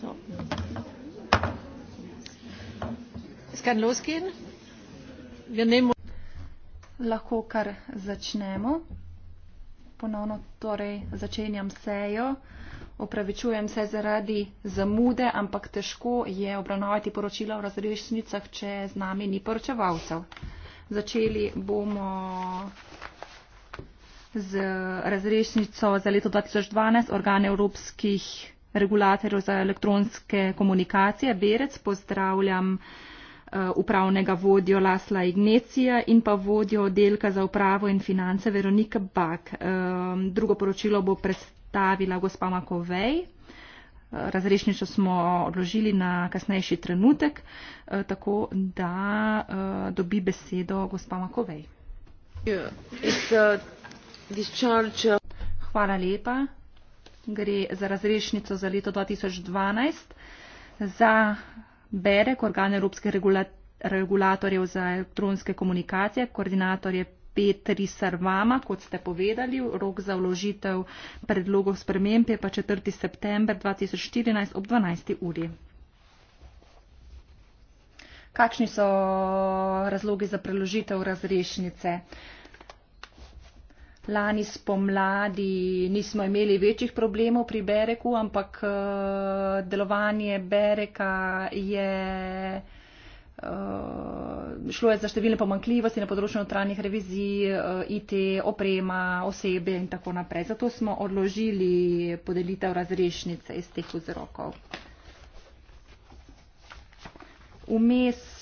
So. Es kann losgehen. Wir nehmen lahko kar začnemo. Ponovno torej začenjam sejo. Opravičujem se zaradi zamude, ampak težko je obravnavati poročila v razrešnicah, če z nami ni poročevalcev. Začeli bomo z razrešnico za leto 2012 organe evropskih regulatorju za elektronske komunikacije, Berec, pozdravljam eh, upravnega vodjo Lasla Ignecija in pa vodjo oddelka za upravo in finance Veronika Bak. Eh, drugo poročilo bo predstavila gospa Makovej. Eh, razrešnico smo odložili na kasnejši trenutek, tako da dobi besedo gospa Makovej. Uh, uh, Hvala lepa gre za razrešnico za leto 2012 za BEREK, organ evropskih regulatorjev za elektronske komunikacije, koordinator je Petri Sarvama, kot ste povedali, rok za vložitev predlogov sprememb je pa 4. september 2014 ob 12. uri. Kakšni so razlogi za preložitev razrešnice? Uh, Lani spomladi nismo imeli večjih problemov pri Bereku, ampak eh, delovanje Bereka je eh, šlo je za številne pomankljivosti na področju notranjih revizij, eh, IT, oprema, osebe in tako naprej. Zato smo odložili podelitev razrešnice iz teh vzrokov. Vmes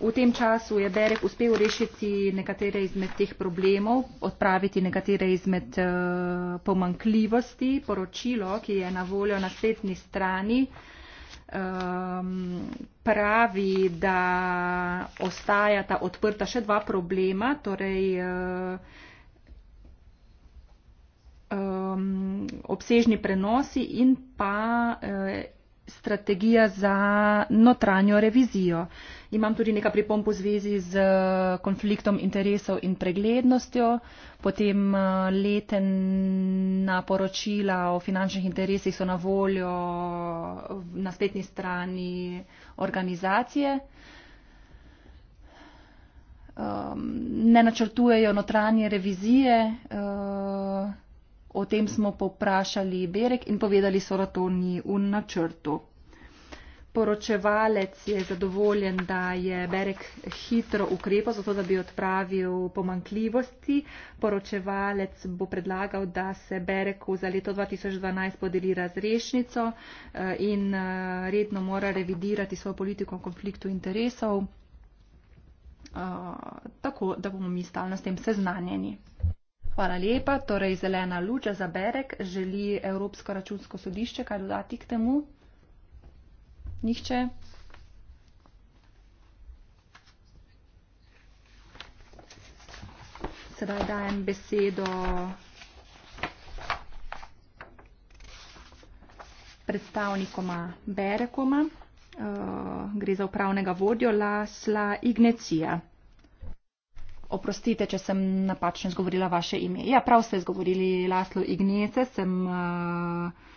V tem času je Berek uspel rešiti nekatere izmed teh problemov, odpraviti nekatere izmed uh, eh, pomankljivosti. Poročilo, ki je na voljo na spletni strani, um, pravi, da ostajata odprta še dva problema. Torej, uh, Um, obsežni prenosi in pa eh, strategija za notranjo revizijo. Imam tudi nekaj pripomb v zvezi z eh, konfliktom interesov in preglednostjo, potem eh, letena poročila o finančnih interesih so na voljo na spletni strani organizacije. Ehm, ne načrtujejo notranje revizije. Eh, O tem smo poprašali Berek in povedali so ratoni v načrtu. Poročevalec je zadovoljen, da je Berek hitro ukrepal, zato da bi odpravil pomankljivosti. Poročevalec bo predlagal, da se Bereku za leto 2012 podeli razrešnico eh, in eh, redno mora revidirati svojo politiko o konfliktu interesov, eh, tako da bomo mi stalno s tem seznanjeni. Hvala lepa. Torej, zelena luča za Berek. Želi Evropsko računsko sodišče kaj dodati k temu? Nihče? Sedaj dajem besedo predstavnikoma Berekoma. Uh, gre za upravnega vodjo Lasla Ignecija oprostite, če sem napačno izgovorila vaše ime. Ja, prav ste izgovorili Laslo Ignjece, sem uh,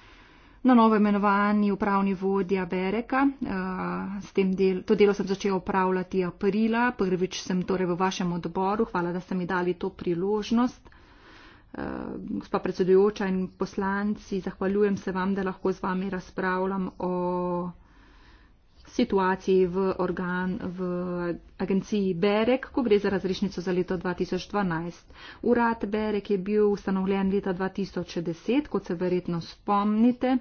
na novo imenovani upravni vodja Bereka. Uh, del, to delo sem začela upravljati aprila, prvič sem torej v vašem odboru, hvala, da ste mi dali to priložnost. Uh, gospa uh, predsedujoča in poslanci, zahvaljujem se vam, da lahko z vami razpravljam o situaciji v organ v agenciji Berek, ko gre za razrešnico za leto 2012. Urad Berek je bil ustanovljen leta 2010, kot se verjetno spomnite.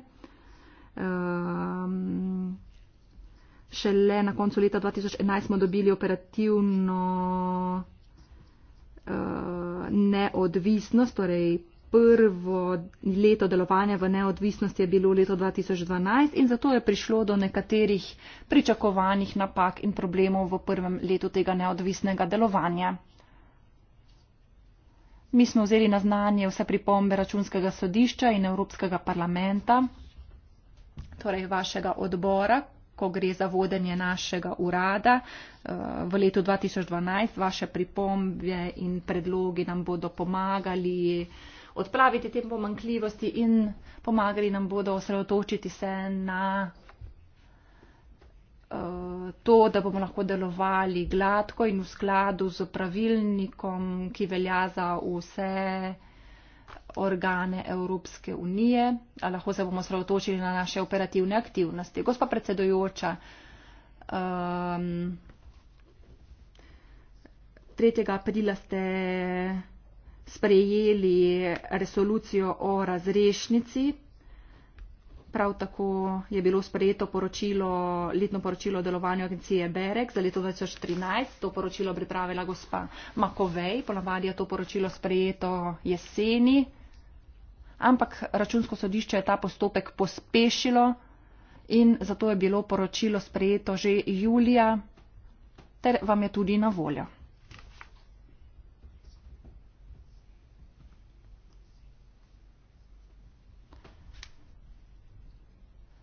Um, šele na koncu leta 2011 smo dobili operativno uh, neodvisnost, torej prvo leto delovanja v neodvisnosti je bilo leto 2012 in zato je prišlo do nekaterih pričakovanih napak in problemov v prvem letu tega neodvisnega delovanja. Mi smo vzeli na znanje vse pripombe računskega sodišča in Evropskega parlamenta, torej vašega odbora, ko gre za vodenje našega urada eh, v letu 2012. Vaše pripombe in predlogi nam bodo pomagali odpraviti te pomankljivosti in pomagali nam bodo osredotočiti se na eh, to, da bomo lahko delovali gladko in v skladu z pravilnikom, ki velja za vse organe Evropske unije, a lahko se bomo sredotočili na naše operativne aktivnosti. Gospa predsedojoča, um, ehm, 3. aprila ste sprejeli resolucijo o razrešnici. Prav tako je bilo sprejeto poročilo, letno poročilo o delovanju agencije Berek za leto 2013. To poročilo pripravila gospa Makovej. Ponavadi je to poročilo sprejeto jeseni. Ampak računsko sodišče je ta postopek pospešilo in zato je bilo poročilo sprejeto že julija ter vam je tudi na voljo.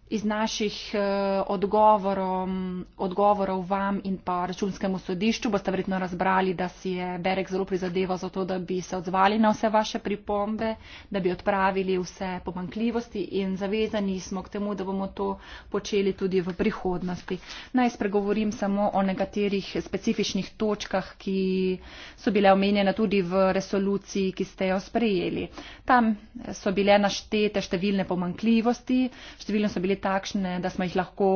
iz naših eh, odgovorom, odgovorov vam in pa računskemu sodišču boste verjetno razbrali, da si je Berek zelo prizadeval za to, da bi se odzvali na vse vaše pripombe, da bi odpravili vse pomankljivosti in zavezani smo k temu, da bomo to počeli tudi v prihodnosti. Naj spregovorim samo o nekaterih specifičnih točkah, ki so bile omenjene tudi v resoluciji, ki ste jo sprejeli. Tam so bile naštete številne pomankljivosti, številne so bile takšne, da smo jih lahko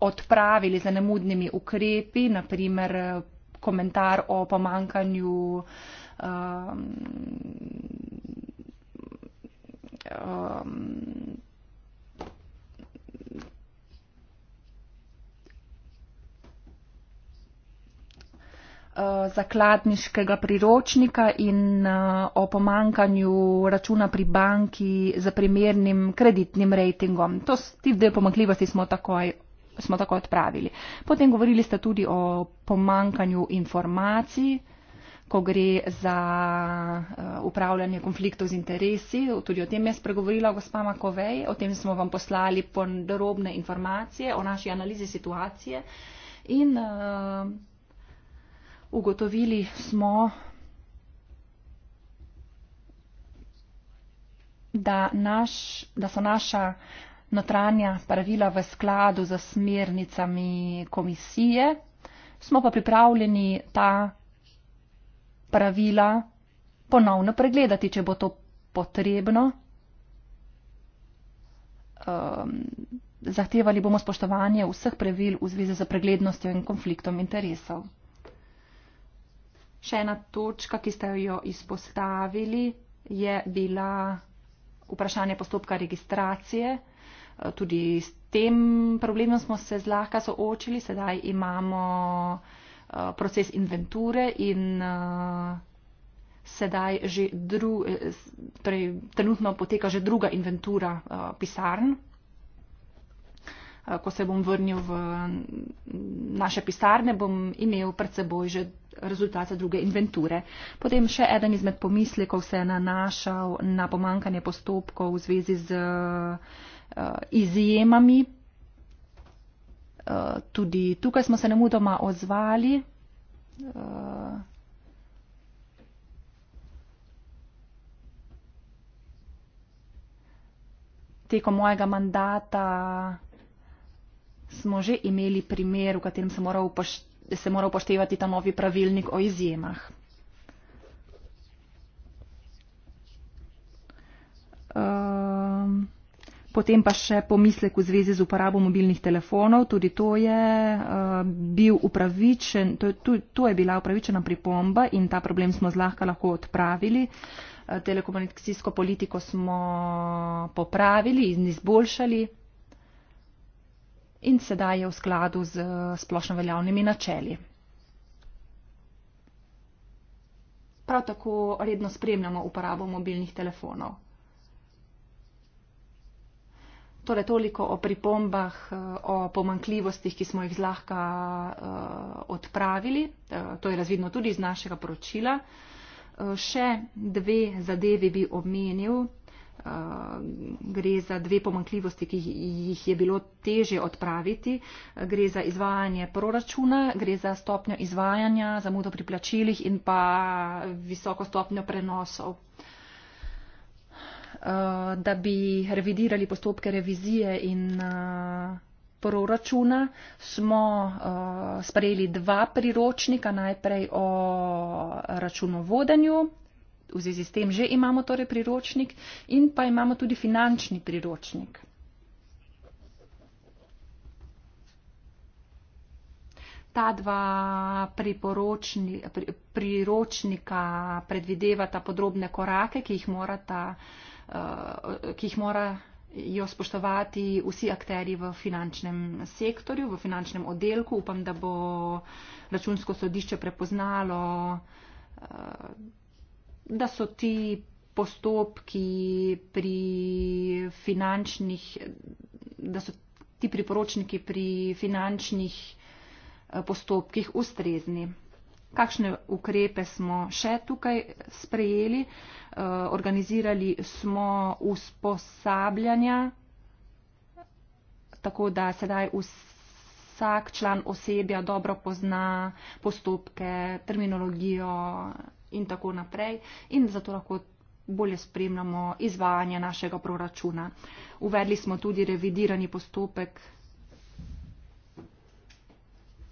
odpravili z nemudnimi ukrepi, naprimer eh, komentar o pomankanju um, um, Eh, zakladniškega priročnika in eh, o pomankanju računa pri banki z primernim kreditnim rejtingom. To, ti dve pomakljivosti smo takoj, smo takoj odpravili. Potem govorili ste tudi o pomankanju informacij, ko gre za eh, upravljanje konfliktov z interesi. Tudi o tem je spregovorila gospa Makovej, o tem smo vam poslali podrobne informacije o naši analizi situacije in uh, ugotovili smo, da, naš, da so naša notranja pravila v skladu z smernicami komisije, smo pa pripravljeni ta pravila ponovno pregledati, če bo to potrebno. Um, zahtevali bomo spoštovanje vseh pravil v zvezi z preglednostjo in konfliktom interesov. Še ena točka, ki ste jo izpostavili, je bila vprašanje postopka registracije. Tudi s tem problemom smo se zlahka soočili. Sedaj imamo eh, proces inventure in eh, sedaj že dru, eh, torej, trenutno poteka že druga inventura pisarn. Eh, ko se bom vrnil v mm, naše pisarne, bom imel pred seboj že rezultate druge inventure. Potem še eden izmed pomislekov se je nanašal na pomankanje postopkov v zvezi z eh, izjemami. Eh, tudi tukaj smo se nemudoma odzvali. Tekom mojega mandata smo že imeli primer, v katerem se mora, upošte, se mora upoštevati ta novi pravilnik o izjemah. Um, potem pa še pomislek v zvezi z uporabo mobilnih telefonov. Tudi to je, uh, bil upravičen, to, to, to je bila upravičena pripomba in ta problem smo zlahka lahko odpravili. Eh, telekomunikacijsko politiko smo popravili in izboljšali in sedaj je v skladu z eh, splošno veljavnimi načeli. Prav tako redno spremljamo uporabo mobilnih telefonov. Torej toliko o pripombah, eh, o pomankljivostih, ki smo jih zlahka eh, odpravili. To je razvidno tudi iz našega poročila. Še dve zadevi bi omenil. Eh, gre za dve pomankljivosti, ki jih je bilo težje odpraviti. Gre za izvajanje proračuna, gre za stopnjo izvajanja, zamudo pri plačilih in pa visoko stopnjo prenosov. Eh, da bi revidirali postopke revizije in eh, proračuna, smo sprejeli dva priročnika, najprej o računovodenju v zvezi s tem že imamo torej priročnik in pa imamo tudi finančni priročnik. Ta dva priporočni, pri, priročnika predvidevata podrobne korake, ki jih, morata, uh, ki jih mora jo spoštovati vsi akteri v finančnem sektorju, v finančnem oddelku. Upam, da bo računsko sodišče prepoznalo. Uh, da so ti postopki pri finančnih, da so ti priporočniki pri finančnih eh, postopkih ustrezni. Kakšne ukrepe smo še tukaj sprejeli? Eh, organizirali smo usposabljanja, tako da sedaj vsak član osebja dobro pozna postopke, terminologijo in tako naprej in zato lahko bolje spremljamo izvajanje našega proračuna. Uvedli smo tudi revidirani postopek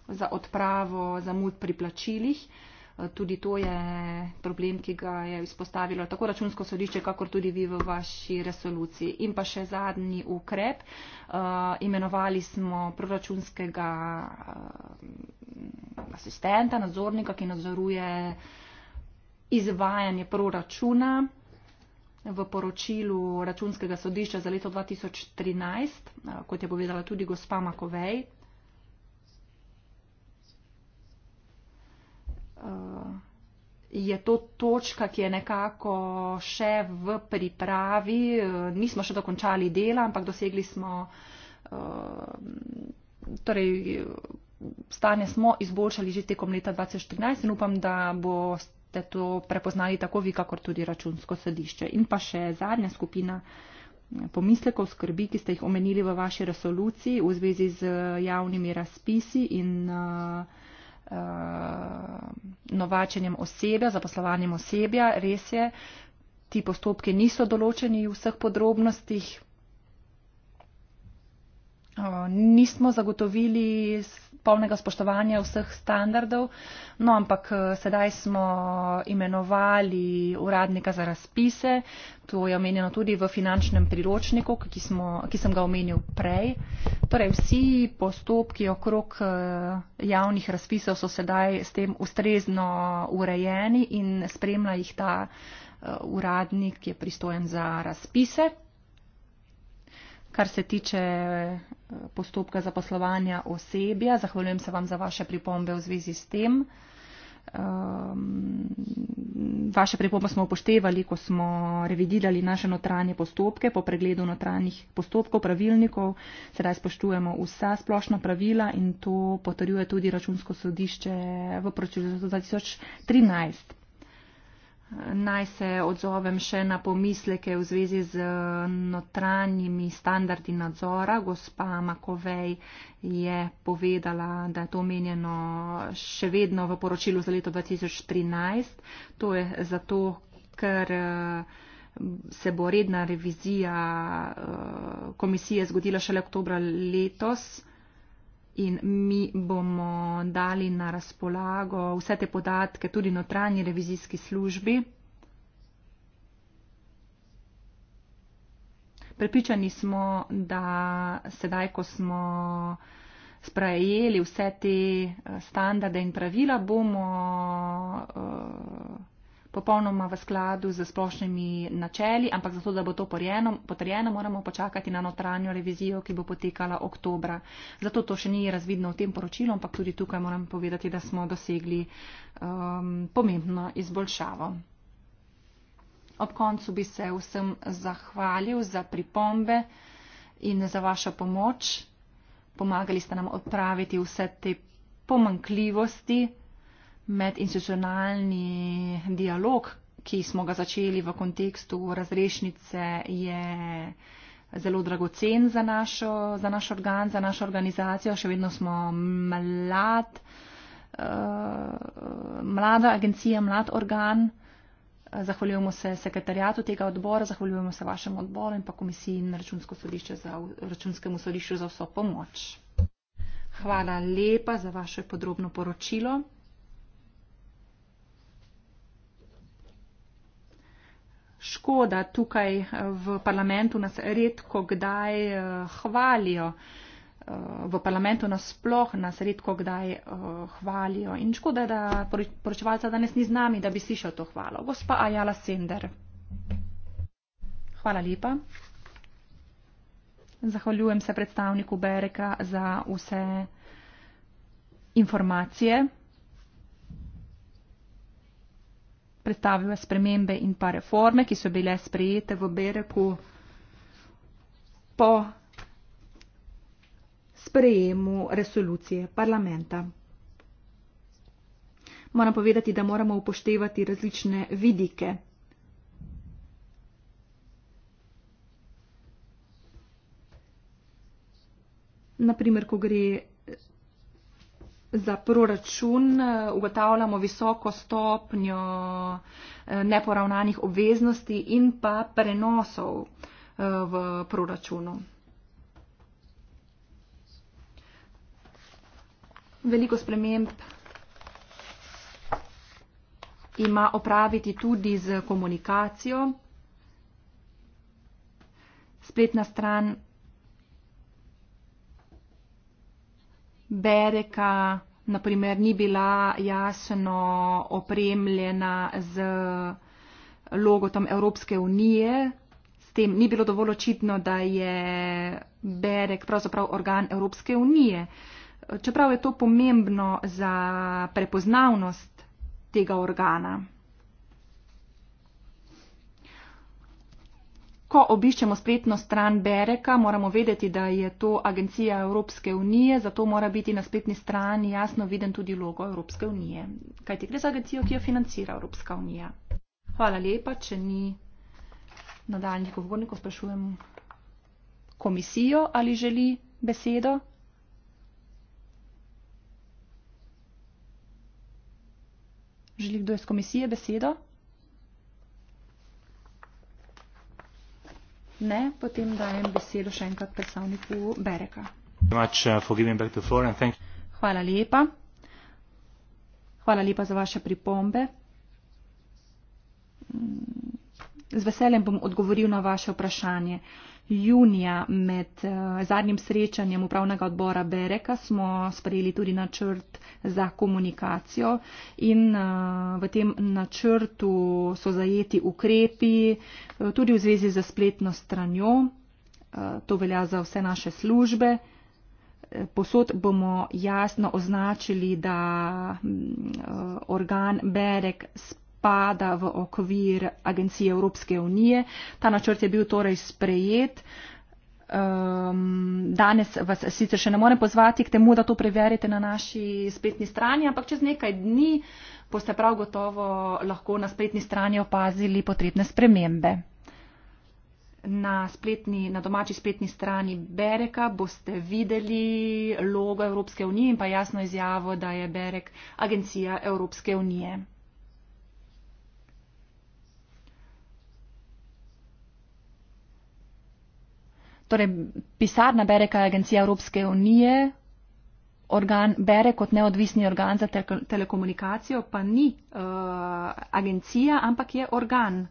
za odpravo zamud pri plačilih. Tudi to je problem, ki ga je izpostavilo tako računsko sodišče, kakor tudi vi v vaši resoluciji. In pa še zadnji ukrep. Eh, imenovali smo proračunskega eh, asistenta, nadzornika, ki nadzoruje izvajanje proračuna v poročilu računskega sodišča za leto 2013, eh, kot je povedala tudi gospa Makovej. Eh, je to točka, ki je nekako še v pripravi. Eh, nismo še dokončali dela, ampak dosegli smo, torej stanje smo izboljšali že tekom leta 2014 in upam, da bo ste to prepoznali tako vi, kakor tudi računsko sodišče. In pa še zadnja skupina eh, pomislekov skrbi, ki ste jih omenili v vaši resoluciji v zvezi z eh, javnimi razpisi in uh, uh, novačenjem osebja, zaposlovanjem osebja. Res je, ti postopki niso določeni v vseh podrobnostih. Uh, nismo zagotovili polnega spoštovanja vseh standardov. No, ampak eh, sedaj smo imenovali uradnika za razpise, to je omenjeno tudi v finančnem priročniku, ki, smo, ki sem ga omenil prej. Torej, vsi postopki okrog eh, javnih razpisov so sedaj s tem ustrezno urejeni in spremlja jih ta eh, uradnik, ki je pristojen za razpise kar se tiče eh, postopka zaposlovanja osebja. Zahvaljujem se vam za vaše pripombe v zvezi s tem. Ehm, vaše pripombe smo upoštevali, ko smo revidirali naše notranje postopke po pregledu notranjih postopkov, pravilnikov. Sedaj spoštujemo vsa splošna pravila in to potrjuje tudi računsko sodišče v proču za 2013. Naj se odzovem še na pomisleke v zvezi z notranjimi standardi nadzora. Gospa Makovej je povedala, da je to omenjeno še vedno v poročilu za leto 2013. To je zato, ker eh, se bo redna revizija eh, komisije zgodila šele oktobra letos in mi bomo dali na razpolago vse te podatke tudi notranji revizijski službi. Prepričani smo, da sedaj, ko smo sprejeli vse te eh, standarde in pravila, bomo. Uh, popolnoma v skladu z splošnimi načeli, ampak zato, da bo to porjeno, potrjeno, moramo počakati na notranjo revizijo, ki bo potekala oktobra. Zato to še ni razvidno v tem poročilu, ampak tudi tukaj moram povedati, da smo dosegli um, pomembno izboljšavo. Ob koncu bi se vsem zahvalil za pripombe in za vašo pomoč. Pomagali ste nam odpraviti vse te pomankljivosti medinstitucionalni dialog, ki smo ga začeli v kontekstu razrešnice, je zelo dragocen za, našo, za naš organ, za našo organizacijo. Še vedno smo mlad, eh, mlada agencija, mlad organ. Zahvaljujemo se sekretarjatu tega odbora, zahvaljujemo se vašemu odboru in pa komisiji in računsko sodišče za, računskemu sodišču za vso pomoč. Hvala lepa za vaše podrobno poročilo. škoda tukaj eh, v parlamentu nas redko kdaj eh, hvalijo. Eh, v parlamentu nasploh nas redko kdaj hvalijo. In škoda, da poročevalca danes ni z nami, da bi slišal to hvalo. Gospa Ajala Sender. Hvala lepa. Zahvaljujem se predstavniku Bereka za vse informacije. predstavila spremembe in pa reforme, ki so bile sprejete v Bereku po sprejemu resolucije parlamenta. Moram povedati, da moramo upoštevati različne vidike. Naprimer, ko gre Za proračun eh, ugotavljamo visoko stopnjo eh, neporavnanih obveznosti in pa prenosov eh, v proračunu. Veliko sprememb ima opraviti tudi z komunikacijo. Spletna stran bereka, naprimer, ni bila jasno opremljena z logotom Evropske unije, s tem ni bilo dovolj očitno, da je berek pravzaprav organ Evropske unije. Čeprav je to pomembno za prepoznavnost tega organa. Ko obiščemo spletno stran Bereka, moramo vedeti, da je to agencija Evropske unije, zato mora biti na spletni strani jasno viden tudi logo Evropske unije. Kaj ti gre za agencijo, ki jo financira Evropska unija? Hvala lepa, če ni nadaljnjih govornikov, sprašujem komisijo, ali želi besedo. Želi kdo iz komisije besedo? Ne, potem dajem besedo še enkrat predstavniku Bereka. Uh, Hvala lepa. Hvala lepa za vaše pripombe. Mm, z veseljem bom odgovoril na vaše vprašanje. Uh, junija med eh, zadnjim srečanjem upravnega odbora Bereka smo sprejeli tudi načrt za komunikacijo in eh, v tem načrtu so zajeti ukrepi eh, tudi v zvezi za spletno stranjo. To velja za vse naše službe. Posod bomo jasno označili, da mm, organ Berek spletno spada v okvir Agencije Evropske unije. Ta načrt je bil torej sprejet. Um, danes vas sicer še ne morem pozvati k temu, da to preverite na naši spletni strani, ampak čez nekaj dni boste prav gotovo lahko na spletni strani opazili potrebne spremembe. Na, spletni, na domači spletni strani Bereka boste videli logo Evropske unije in pa jasno izjavo, da je Berek agencija Evropske unije. Torej, pisarna Bereka je agencija Evropske unije, organ Berek kot neodvisni organ za te telekomunikacijo pa ni uh, agencija, ampak je organ.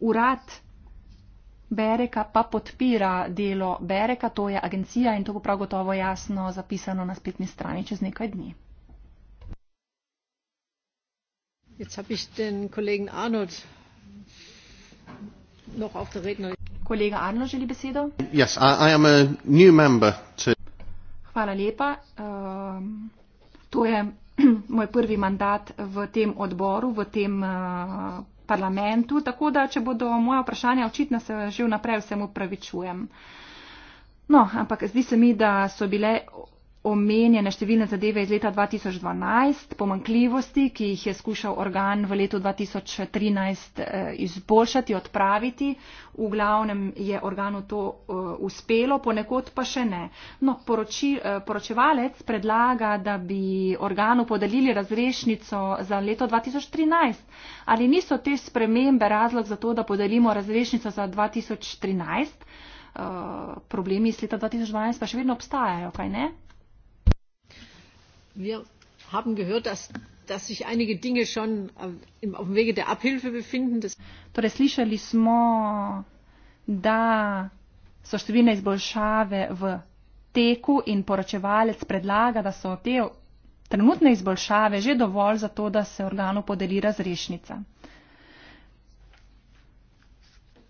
Urad Bereka pa podpira delo Bereka, to je agencija in to bo prav gotovo jasno zapisano na spletni strani čez nekaj dni. Jetzt habe ich den Kollegen Arnold noch auf der Redner. Kollege Arno želi besedo. Yes, I, I am a new member to. Hvala lepa. Uh, to je moj prvi mandat v tem odboru, v tem uh, parlamentu, tako da, če bodo moja vprašanja očitna, se že vnaprej vsem upravičujem. No, ampak zdi se mi, da so bile omenjene številne zadeve iz leta 2012, pomankljivosti, ki jih je skušal organ v letu 2013 eh, izboljšati, odpraviti. V glavnem je organu to eh, uspelo, ponekod pa še ne. No, poroči, eh, poročevalec predlaga, da bi organu podelili razrešnico za leto 2013. Ali niso te spremembe razlog za to, da podelimo razrešnico za 2013? Uh, problemi iz leta 2012 pa še vedno obstajajo, kaj ne? Wir haben gehört, dass, dass sich einige Dinge schon äh, auf dem Wege der Abhilfe befinden. Torej, slišali smo, da so številne izboljšave v teku in poročevalec predlaga, da so te trenutne izboljšave že dovolj za to, da se organu podeli razrešnica.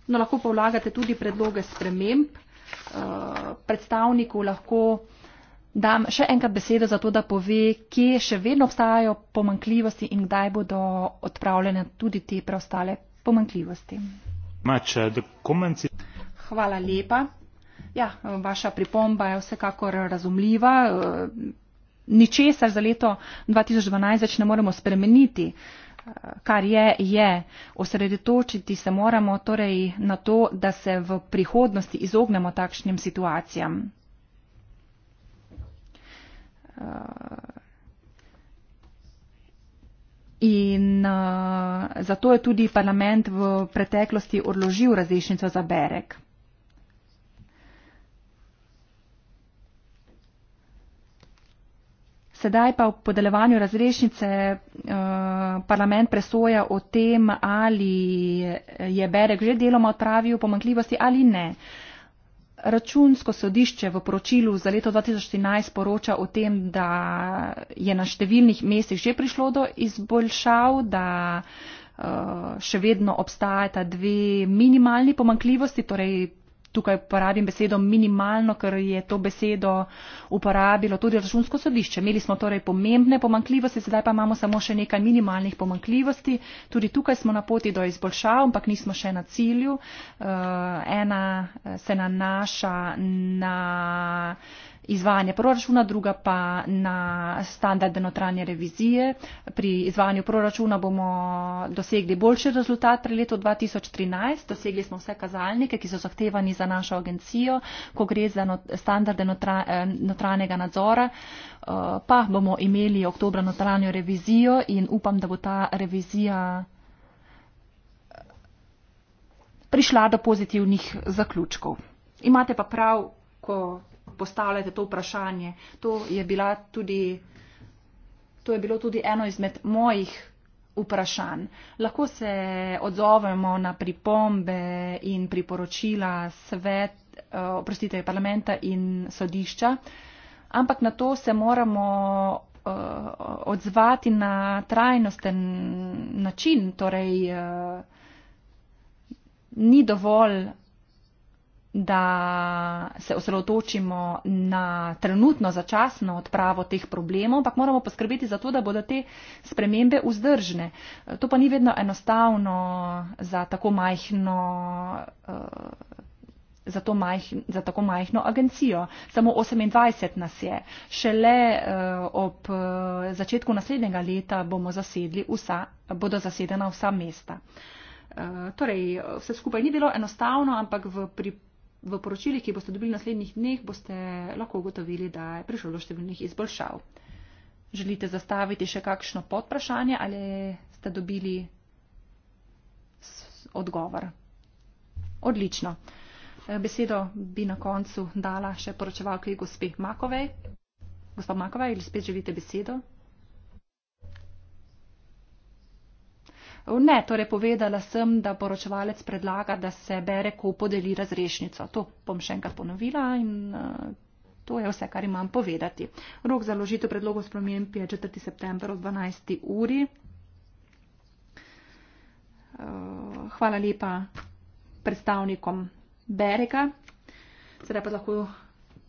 No, lahko pa vlagate tudi predloge sprememb. Äh, predstavniku lahko dam še enkrat besedo za to, da pove, kje še vedno obstajajo pomankljivosti in kdaj bodo odpravljene tudi te preostale pomankljivosti. Uh, Hvala lepa. Ja, vaša pripomba je vsekakor razumljiva. Ničesar za leto 2012 več ne moremo spremeniti. Kar je, je. Osredotočiti se moramo torej na to, da se v prihodnosti izognemo takšnim situacijam. Uh, in uh, zato je tudi parlament v preteklosti odložil različnico za berek. Sedaj pa v podelevanju razrešnice uh, parlament presoja o tem, ali je Berek že deloma odpravil pomankljivosti ali ne. Uh, Računsko sodišče v poročilu za leto 2013 poroča o tem, da je na številnih mestih že prišlo do izboljšav, da eh, še vedno obstajata dve minimalni pomankljivosti, torej tukaj uporabim besedo minimalno, ker je to besedo uporabilo tudi računsko sodišče. Imeli smo torej pomembne pomankljivosti, sedaj pa imamo samo še nekaj minimalnih pomankljivosti. Tudi tukaj smo na poti do izboljšav, ampak nismo še na cilju. Uh, ena eh, se nanaša na izvajanje proračuna, druga pa na standarde notranje revizije. Pri izvajanju proračuna bomo dosegli boljši rezultat pri letu 2013. Dosegli smo vse kazalnike, ki so zahtevani za našo agencijo, ko gre za standarde notra, eh, notranjega nadzora. Eh, pa bomo imeli oktobra notranjo revizijo in upam, da bo ta revizija eh, prišla do pozitivnih zaključkov. Imate pa prav, ko postavljate to vprašanje. To je, tudi, to je bilo tudi eno izmed mojih. Vprašan. Lahko se odzovemo na pripombe in priporočila svet, eh, oprostite, parlamenta in sodišča, ampak na to se moramo eh, odzvati na trajnosten način, torej eh, ni dovolj da se osredotočimo na trenutno začasno odpravo teh problemov, ampak moramo poskrbeti za to, da bodo te spremembe vzdržne. To pa ni vedno enostavno za tako majhno. Uh, Za, majh, za tako majhno agencijo. Samo 28 nas je. Šele uh, ob uh, začetku naslednjega leta vsa, bodo zasedena vsa mesta. Uh, torej, vse skupaj ni bilo enostavno, ampak v pripravi. V poročilih, ki boste dobili v naslednjih dneh, boste lahko ugotovili, da je prišlo do številnih izboljšav. Želite zastaviti še kakšno podprašanje ali ste dobili odgovor? Odlično. Eh, besedo bi na koncu dala še poročevalki gospe Makovej. Gospod Makovej, ali spet želite besedo? Ne, torej povedala sem, da poročevalec predlaga, da se bere, ko podeli razrešnico. To bom še enkrat ponovila in uh, to je vse, kar imam povedati. Rok za ložitev predlogov spremenb je 4. september o 12. uri. Uh, hvala lepa predstavnikom Berega. Sedaj pa lahko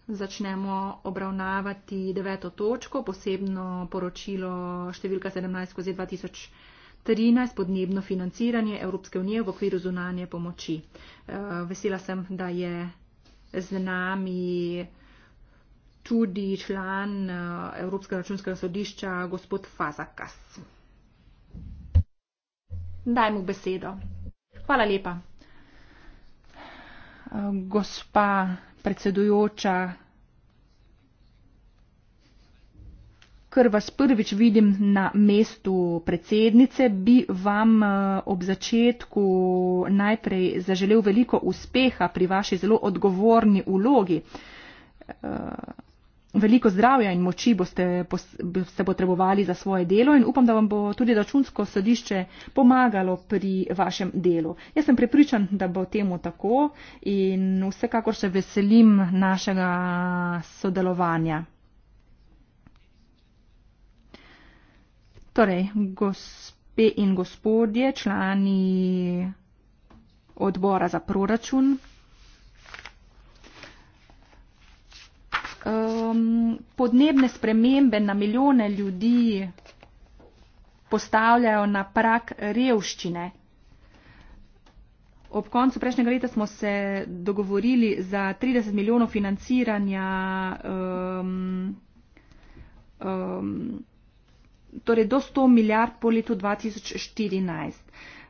začnemo obravnavati deveto točko, posebno poročilo številka 17 skozi 2000. 13 podnebno financiranje Evropske unije v okviru zunanje pomoči. Eh, vesela sem, da je z nami tudi član eh, Evropskega računskega sodišča, gospod Fazakas. Daj mu besedo. Hvala lepa. Eh, gospa predsedujoča, ker vas prvič vidim na mestu predsednice, bi vam eh, ob začetku najprej zaželel veliko uspeha pri vaši zelo odgovorni ulogi. Eh, veliko zdravja in moči boste se potrebovali za svoje delo in upam, da vam bo tudi računsko sodišče pomagalo pri vašem delu. Jaz sem prepričan, da bo temu tako in vsekakor se veselim našega sodelovanja. Torej, gospe in gospodje, člani odbora za proračun. Um, podnebne spremembe na milijone ljudi postavljajo na prak revščine. Ob koncu prejšnjega leta smo se dogovorili za 30 milijonov financiranja um, um, torej do 100 milijard po letu 2014.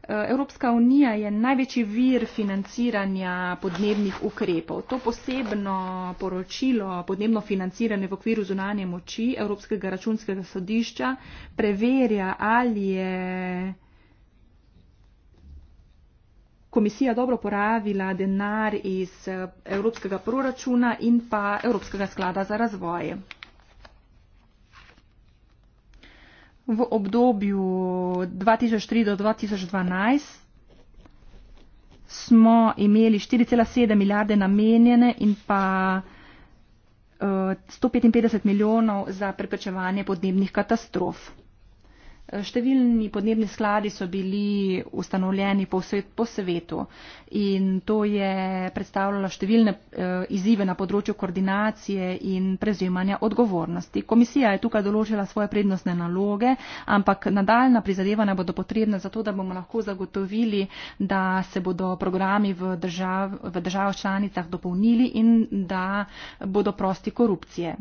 Eh, Evropska unija je največji vir financiranja podnebnih ukrepov. To posebno poročilo podnebno financiranje v okviru zunanje moči Evropskega računskega sodišča preverja, ali je komisija dobro porabila denar iz eh, evropskega proračuna in pa Evropskega sklada za razvoj. v obdobju 2003 do 2012 smo imeli 4,7 milijarde namenjene in pa 155 eh, milijonov za preprečevanje podnebnih katastrof. Številni podnebni skladi so bili ustanovljeni po, svet, po svetu in to je predstavljalo številne eh, izzive na področju koordinacije in prezimanja odgovornosti. Komisija je tukaj določila svoje prednostne naloge, ampak nadaljna prizadevanja bodo potrebna za to, da bomo lahko zagotovili, da se bodo programi v, držav, v državah članicah dopolnili in da bodo prosti korupcije.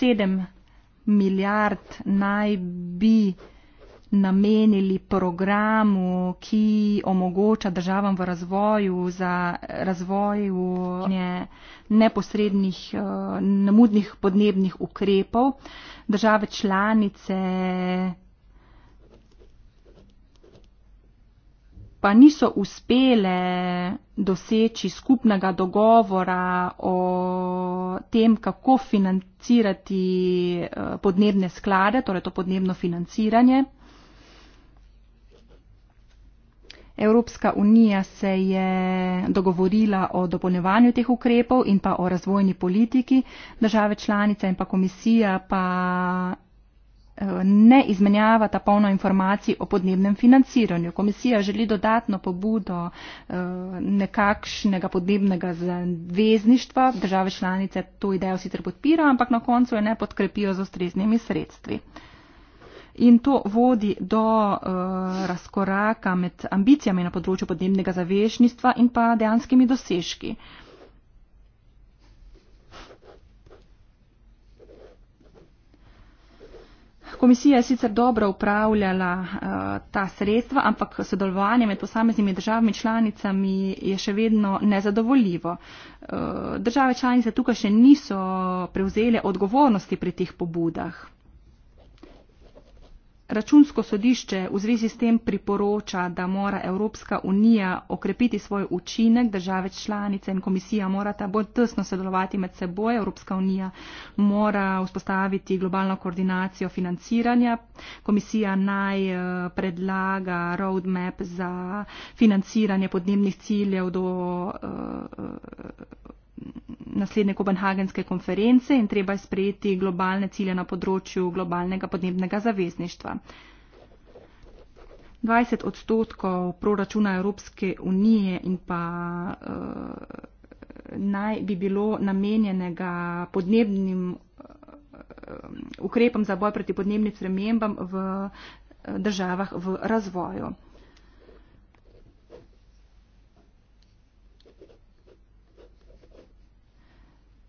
Sedem milijard naj bi namenili programu, ki omogoča državam v razvoju za razvoju eh, neposrednih, eh, namudnih podnebnih ukrepov. Države članice pa niso uspele doseči skupnega dogovora o tem, kako financirati eh, podnebne sklade, torej to podnebno financiranje. Evropska unija se je dogovorila o dopolnjevanju teh ukrepov in pa o razvojni politiki. Države članice in pa komisija pa Eh, ne izmenjavata polno informacij o podnebnem financiranju. Komisija želi dodatno pobudo eh, nekakšnega podnebnega zvezdništva. Države članice to idejo sicer podpirajo, ampak na koncu jo ne podkrepijo z ustreznimi sredstvi. In to vodi do eh, razkoraka med ambicijami na področju podnebnega zavešnjstva in pa dejanskimi dosežki. Komisija je sicer dobro upravljala uh, ta sredstva, ampak sodelovanje med posameznimi državami članicami je še vedno nezadovoljivo. Uh, države članice tukaj še niso prevzele odgovornosti pri teh pobudah. Računsko sodišče v zvezi s tem priporoča, da mora Evropska unija okrepiti svoj učinek, države članice in komisija morata bolj tesno sodelovati med seboj. Evropska unija mora vzpostaviti globalno koordinacijo financiranja. Komisija naj eh, predlaga roadmap za financiranje podnebnih ciljev do. Uh, naslednje kopenhagenske konference in treba je sprejeti globalne cilje na področju globalnega podnebnega zavezništva. 20 odstotkov proračuna Evropske unije in pa uh, naj bi bilo namenjenega podnebnim uh, ukrepom za boj proti podnebnim spremembam v uh, državah v razvoju.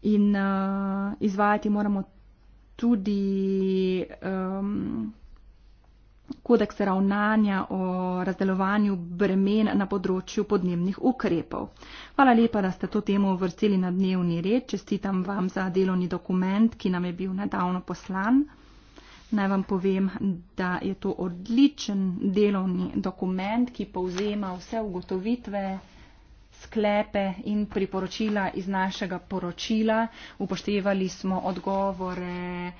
in uh, izvajati moramo tudi um, kodeks ravnanja o razdelovanju bremen na področju podnebnih ukrepov. Hvala lepa, da ste to temo vrstili na dnevni red. Čestitam vam za delovni dokument, ki nam je bil nedavno poslan. Naj vam povem, da je to odličen delovni dokument, ki povzema vse ugotovitve sklepe in priporočila iz našega poročila. Upoštevali smo odgovore eh,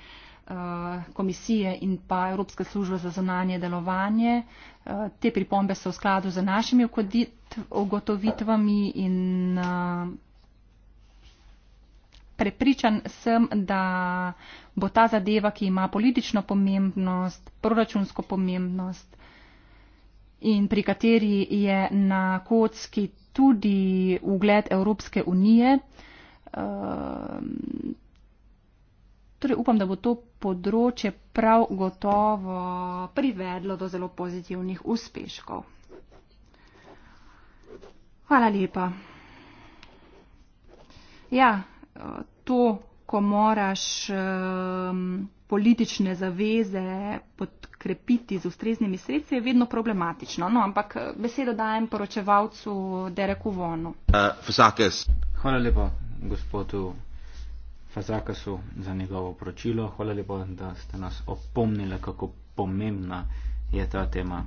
komisije in pa Evropska služba za zonanje delovanje. Eh, te pripombe so v skladu z našimi ugotovitvami in eh, prepričan sem, da bo ta zadeva, ki ima politično pomembnost, proračunsko pomembnost in pri kateri je na kocki tudi ugled Evropske unije. Ehm, torej upam, da bo to področje prav gotovo privedlo do zelo pozitivnih uspeškov. Hvala lepa. Ja, to, ko moraš um, politične zaveze pod krepiti z ustreznimi sredstvi, je vedno problematično. No, ampak eh, besedo dajem poročevalcu Dereku Vonu. Eh, Hvala lepa gospodu Fazakasu za njegovo poročilo. Hvala lepa, da ste nas opomnili, kako pomembna je ta tema.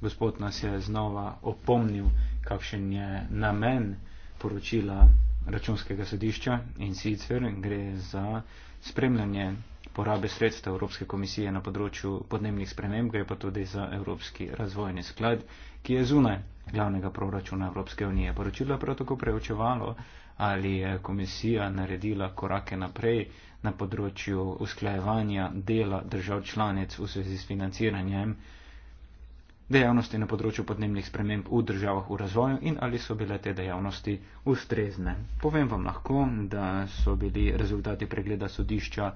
Gospod nas je znova opomnil, kakšen je namen poročila računskega sodišča in sicer gre za spremljanje porabe sredstev Evropske komisije na področju podnebnih sprememb, gre pa tudi za Evropski razvojni sklad, ki je zunaj glavnega proračuna Evropske unije. Poročilo je prav tako preučevalo, ali je komisija naredila korake naprej na področju usklajevanja dela držav članic v zvezi s financiranjem dejavnosti na področju podnebnih sprememb v državah v razvoju in ali so bile te dejavnosti ustrezne. Povem vam lahko, da so bili rezultati pregleda sodišča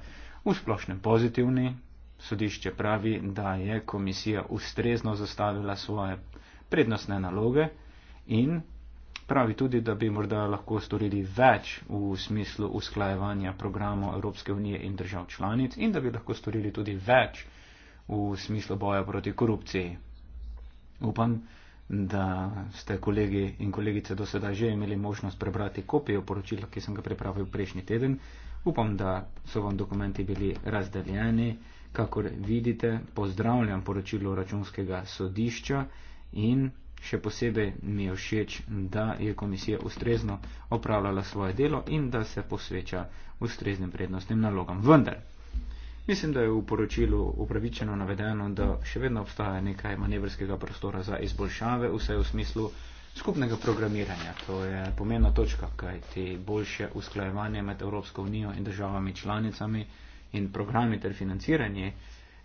V splošnem pozitivni sodišče pravi, da je komisija ustrezno zastavila svoje prednostne naloge in pravi tudi, da bi morda lahko storili več v smislu usklajevanja programov Evropske unije in držav članic in da bi lahko storili tudi več v smislu boja proti korupciji. Upam, da ste kolegi in kolegice do sedaj že imeli možnost prebrati kopijo poročila, ki sem ga pripravil prejšnji teden. Upam, da so vam dokumenti bili razdeljeni. Kakor vidite, pozdravljam poročilo računskega sodišča in še posebej mi je všeč, da je komisija ustrezno opravljala svoje delo in da se posveča ustreznim prednostnim nalogam. Vendar, mislim, da je v poročilu upravičeno navedeno, da še vedno obstaja nekaj manevrskega prostora za izboljšave, vse v smislu skupnega programiranja. To je pomena točka, kaj ti boljše usklajevanje med Evropsko unijo in državami članicami in programi ter financiranje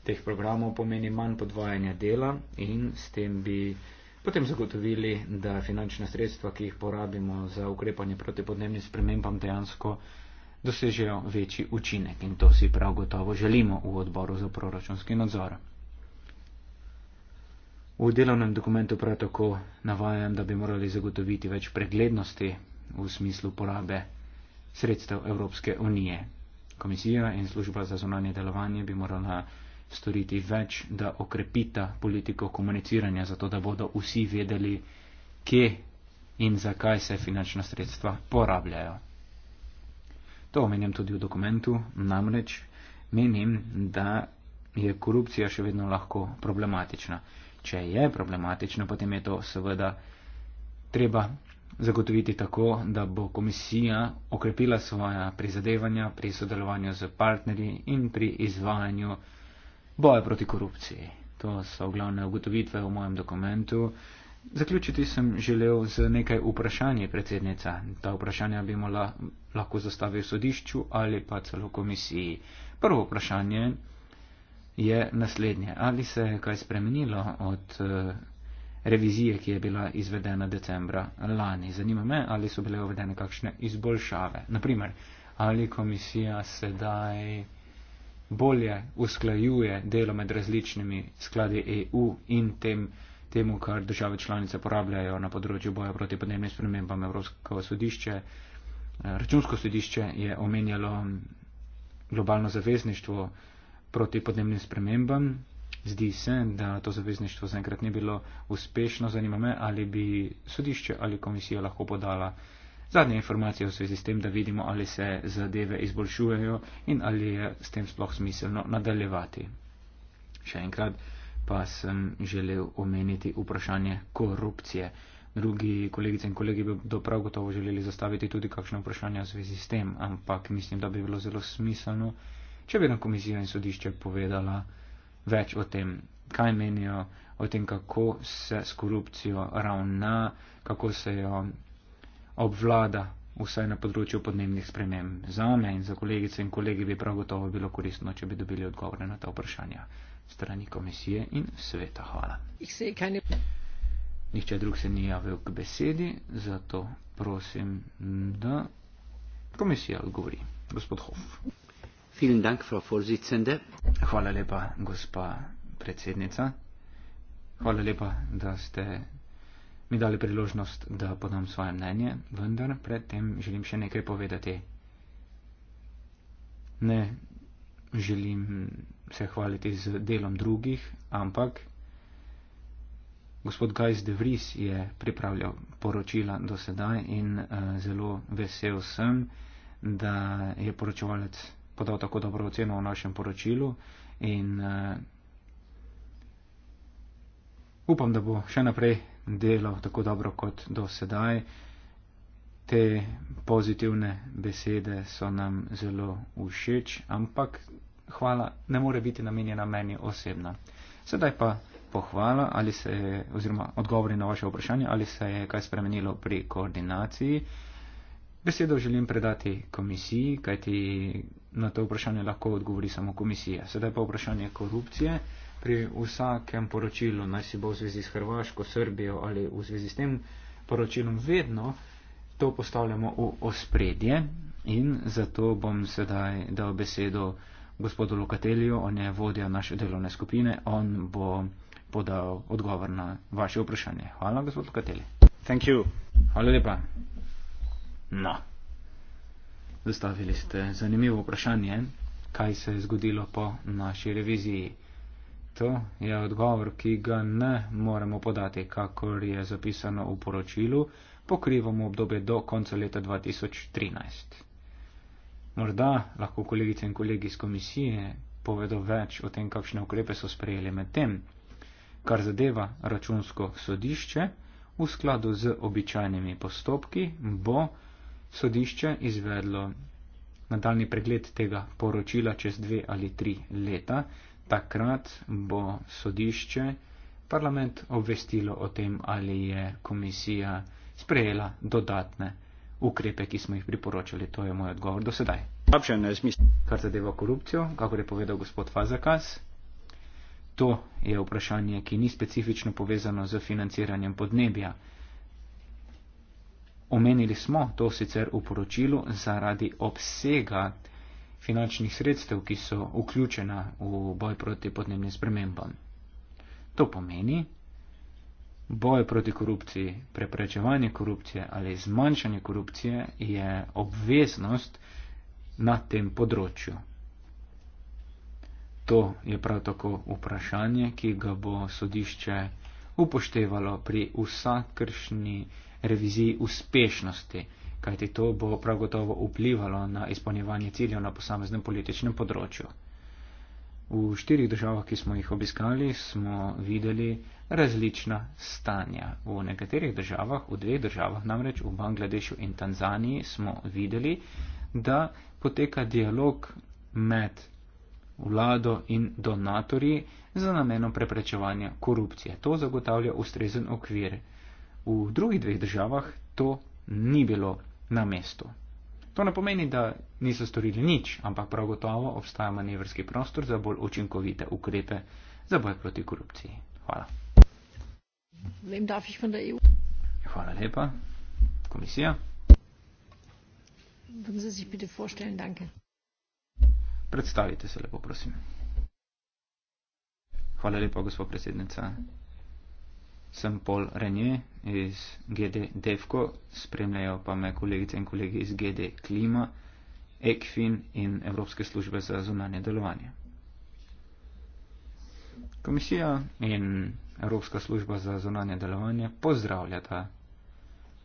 teh programov pomeni manj podvajanja dela in s tem bi potem zagotovili, da finančne sredstva, ki jih porabimo za ukrepanje proti podnebnim spremembam, dejansko dosežejo večji učinek in to si prav gotovo želimo v odboru za proračunski nadzor. V delovnem dokumentu prav tako navajam, da bi morali zagotoviti več preglednosti v smislu porabe sredstev Evropske unije. Komisija in služba za zunanje delovanje bi morala storiti več, da okrepita politiko komuniciranja, zato da bodo vsi vedeli, kje in zakaj se finančna sredstva porabljajo. To omenjam tudi v dokumentu, namreč menim, da je korupcija še vedno lahko problematična če je problematično, potem je to seveda treba zagotoviti tako, da bo komisija okrepila svoja prizadevanja pri sodelovanju z partnerji in pri izvajanju boja proti korupciji. To so glavne ugotovitve v mojem dokumentu. Zaključiti sem želel z nekaj vprašanji predsednica. Ta vprašanja bi mu lahko zastavil sodišču ali pa celo komisiji. Prvo vprašanje je naslednje. Ali se je kaj spremenilo od eh, revizije, ki je bila izvedena decembra lani? Zanima me, ali so bile uvedene kakšne izboljšave. Naprimer, ali komisija sedaj bolje usklajuje delo med različnimi skladi EU in tem, temu, kar države članice porabljajo na področju boja proti podnebnim spremembam Evropsko sodišče. Eh, računsko sodišče je omenjalo globalno zavezništvo, proti podnebnim spremembam. Zdi se, da to zavezništvo zaenkrat ni bilo uspešno. Zanima me, ali bi sodišče ali komisija lahko podala zadnje informacije v zvezi s tem, da vidimo, ali se zadeve izboljšujejo in ali je s tem sploh smiselno nadaljevati. Še enkrat pa sem želel omeniti vprašanje korupcije. Drugi kolegice in kolegi bi do prav gotovo želeli zastaviti tudi kakšno vprašanje v zvezi s tem, ampak mislim, da bi bilo zelo smiselno če bi na komisijo in sodišče povedala več o tem, kaj menijo o tem, kako se s korupcijo ravna, kako se jo obvlada, vsaj na področju podnebnih sprememb. Zame in za kolegice in kolegi bi prav gotovo bilo koristno, če bi dobili odgovore na ta vprašanja strani komisije in sveta. Hvala. Nihče drug se ni javil k besedi, zato prosim, da komisija odgovori. Gospod Hof. Dank, Hvala lepa, gospa predsednica. Hvala lepa, da ste mi dali priložnost, da podam svoje mnenje, vendar predtem želim še nekaj povedati. Ne želim se hvaliti z delom drugih, ampak gospod Gajs de Vries je pripravljal poročila do sedaj in uh, zelo vesel sem, da je poročevalec podal tako dobro oceno v našem poročilu in uh, upam, da bo še naprej delal tako dobro kot do sedaj. Te pozitivne besede so nam zelo všeč, ampak hvala ne more biti namenjena meni osebna. Sedaj pa pohvala ali se je, oziroma odgovori na vaše vprašanje, ali se je kaj spremenilo pri koordinaciji. Uh, Besedo želim predati komisiji, kajti na to vprašanje lahko odgovori samo komisija. Sedaj pa vprašanje korupcije. Pri vsakem poročilu, naj si bo v zvezi s Hrvaško, Srbijo ali v zvezi s tem poročilom, vedno to postavljamo v ospredje in zato bom sedaj dal besedo gospodu Lokatelju, on je vodja naše delovne skupine, on bo podal odgovor na vaše vprašanje. Hvala, gospod Lokatelj. Hvala lepa. No. Zastavili ste zanimivo vprašanje, kaj se je zgodilo po naši reviziji. To je odgovor, ki ga ne moremo podati, kakor je zapisano v poročilu, pokrivamo obdobje do konca leta 2013. Morda lahko kolegice in kolegi iz komisije povedo več o tem, kakšne ukrepe so sprejeli med tem, kar zadeva računsko sodišče, v skladu z običajnimi postopki bo sodišče izvedlo nadaljni pregled tega poročila čez dve ali tri leta, takrat bo sodišče parlament obvestilo o tem, ali je komisija sprejela dodatne ukrepe, ki smo jih priporočali. To je moj odgovor do sedaj. Kar zadeva korupcijo, kako je povedal gospod Fazakas, to je vprašanje, ki ni specifično povezano z financiranjem podnebja. Omenili smo to sicer v poročilu zaradi obsega finančnih sredstev, ki so vključena v boj proti podnebnim spremembam. To pomeni boj proti korupciji, preprečevanje korupcije ali zmanjšanje korupcije je obveznost na tem področju. To je prav tako vprašanje, ki ga bo sodišče upoštevalo pri vsakršni reviziji uspešnosti, kajti to bo prav gotovo vplivalo na izpolnjevanje ciljev na posameznem političnem področju. V štirih državah, ki smo jih obiskali, smo videli različna stanja. V nekaterih državah, v dveh državah, namreč v Bangladešu in Tanzaniji, smo videli, da poteka dialog med vlado in donatorji za namenom preprečevanja korupcije. To zagotavlja ustrezen okvir. V drugih dveh državah to ni bilo na mestu. To ne pomeni, da niso storili nič, ampak prav gotovo obstaja manevrski prostor za bolj učinkovite ukrepe za boj proti korupciji. Hvala. E Hvala lepa. Komisija. Würden Sie sich bitte vorstellen, danke. Predstavite se lepo, prosim. Hvala lepa, gospod predsednica. Sem Paul Renje iz GD Devko, spremljajo pa me kolegice in kolegi iz GD Klima, ECFIN in Evropske službe za zunanje delovanje. Komisija in Evropska služba za zunanje delovanje pozdravljata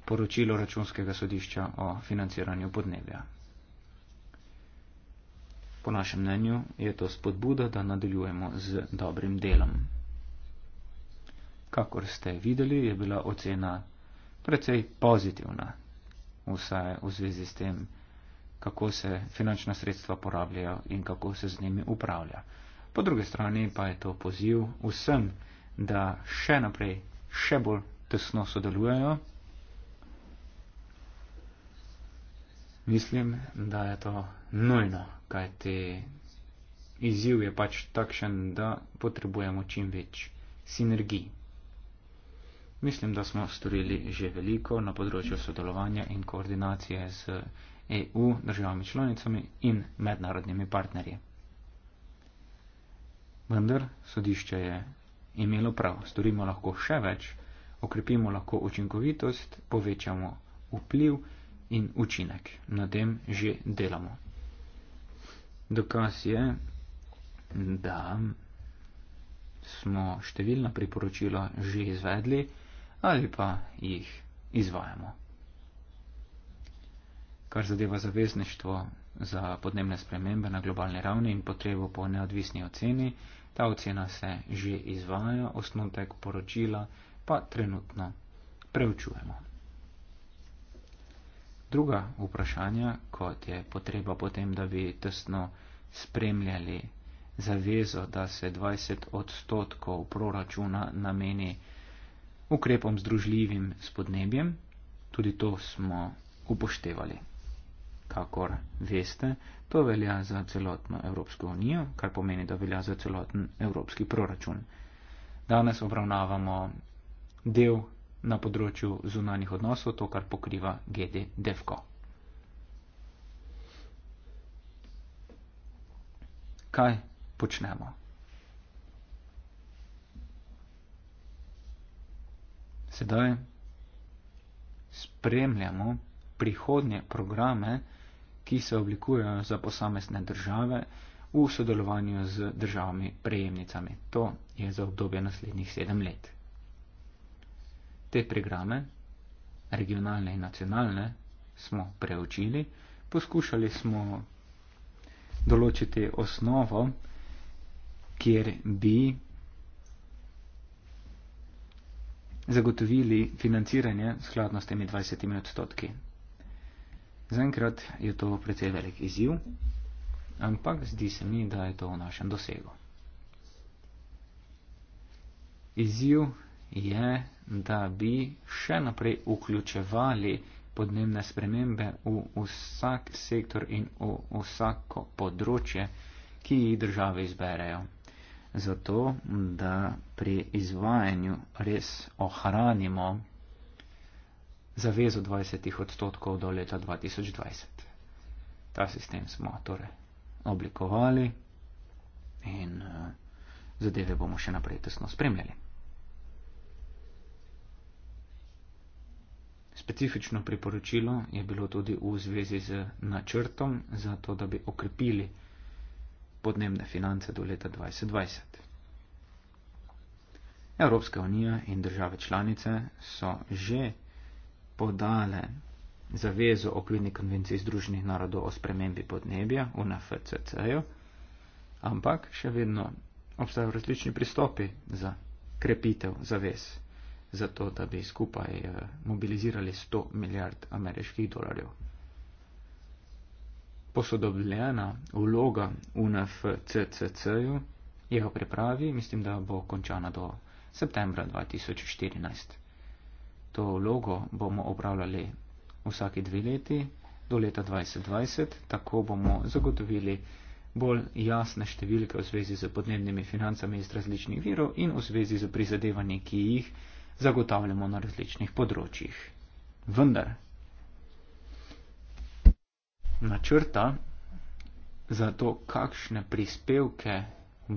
poročilo računskega sodišča o financiranju podnebja. Po našem mnenju je to spodbuda, da nadaljujemo z dobrim delom. Kakor ste videli, je bila ocena precej pozitivna, vsaj v zvezi s tem, kako se finančna sredstva porabljajo in kako se z njimi upravlja. Po drugi strani pa je to poziv vsem, da še naprej, še bolj tesno sodelujejo. Mislim, da je to nujno kajti izziv je pač takšen, da potrebujemo čim več sinergij. Mislim, da smo storili že veliko na področju sodelovanja in koordinacije z EU, državami članicami in mednarodnimi partnerji. Vendar sodišče je imelo prav, storimo lahko še več, okrepimo lahko učinkovitost, povečamo vpliv in učinek. Na tem že delamo Dokaz je, da smo številna priporočila že izvedli ali pa jih izvajamo. Kar zadeva zavezništvo za podnebne spremembe na globalni ravni in potrebo po neodvisni oceni, ta ocena se že izvaja, osnutek poročila pa trenutno preučujemo druga vprašanja, kot je potreba potem, da bi tesno spremljali zavezo, da se 20 odstotkov proračuna nameni ukrepom združljivim s podnebjem. Tudi to smo upoštevali. Kakor veste, to velja za celotno Evropsko unijo, kar pomeni, da velja za celoten evropski proračun. Danes obravnavamo del na področju zunanih odnosov, to kar pokriva GD Defko. Kaj počnemo? Sedaj spremljamo prihodnje programe, ki se oblikujejo za posamezne države v sodelovanju z državami prejemnicami. To je za obdobje naslednjih sedem let. Te programe, regionalne in nacionalne, smo preučili, poskušali smo določiti osnovo, kjer bi zagotovili financiranje skladno s temi 20 odstotki. Zaenkrat je to precej velik izziv, ampak zdi se mi, da je to v našem dosegu. Izziv je da bi še naprej vključevali podnebne spremembe v vsak sektor in v vsako področje, ki jih države izberejo. Zato, da pri izvajanju res ohranimo zavezo 20 odstotkov do leta 2020. Ta sistem smo torej oblikovali in eh, zadeve bomo še naprej tesno spremljali. specifično priporočilo je bilo tudi v zvezi z načrtom za to, da bi okrepili podnebne finance do leta 2020. Evropska unija in države članice so že podale zavezo okvirni konvenciji Združenih narodov o spremembi podnebja v NFCC-ju, ampak še vedno obstajajo različni pristopi za krepitev zavez zato da bi skupaj eh, mobilizirali 100 milijard ameriških dolarjev. Posodobljena vloga UNFCCC-ju je v pripravi, mislim, da bo končana do septembra 2014. To vlogo bomo upravljali vsaki dve leti do leta 2020, tako bomo zagotovili bolj jasne številke v zvezi z podnebnimi financami iz različnih virov in v zvezi z prizadevanji, ki jih zagotavljamo na različnih področjih. Vendar, načrta za to, kakšne prispevke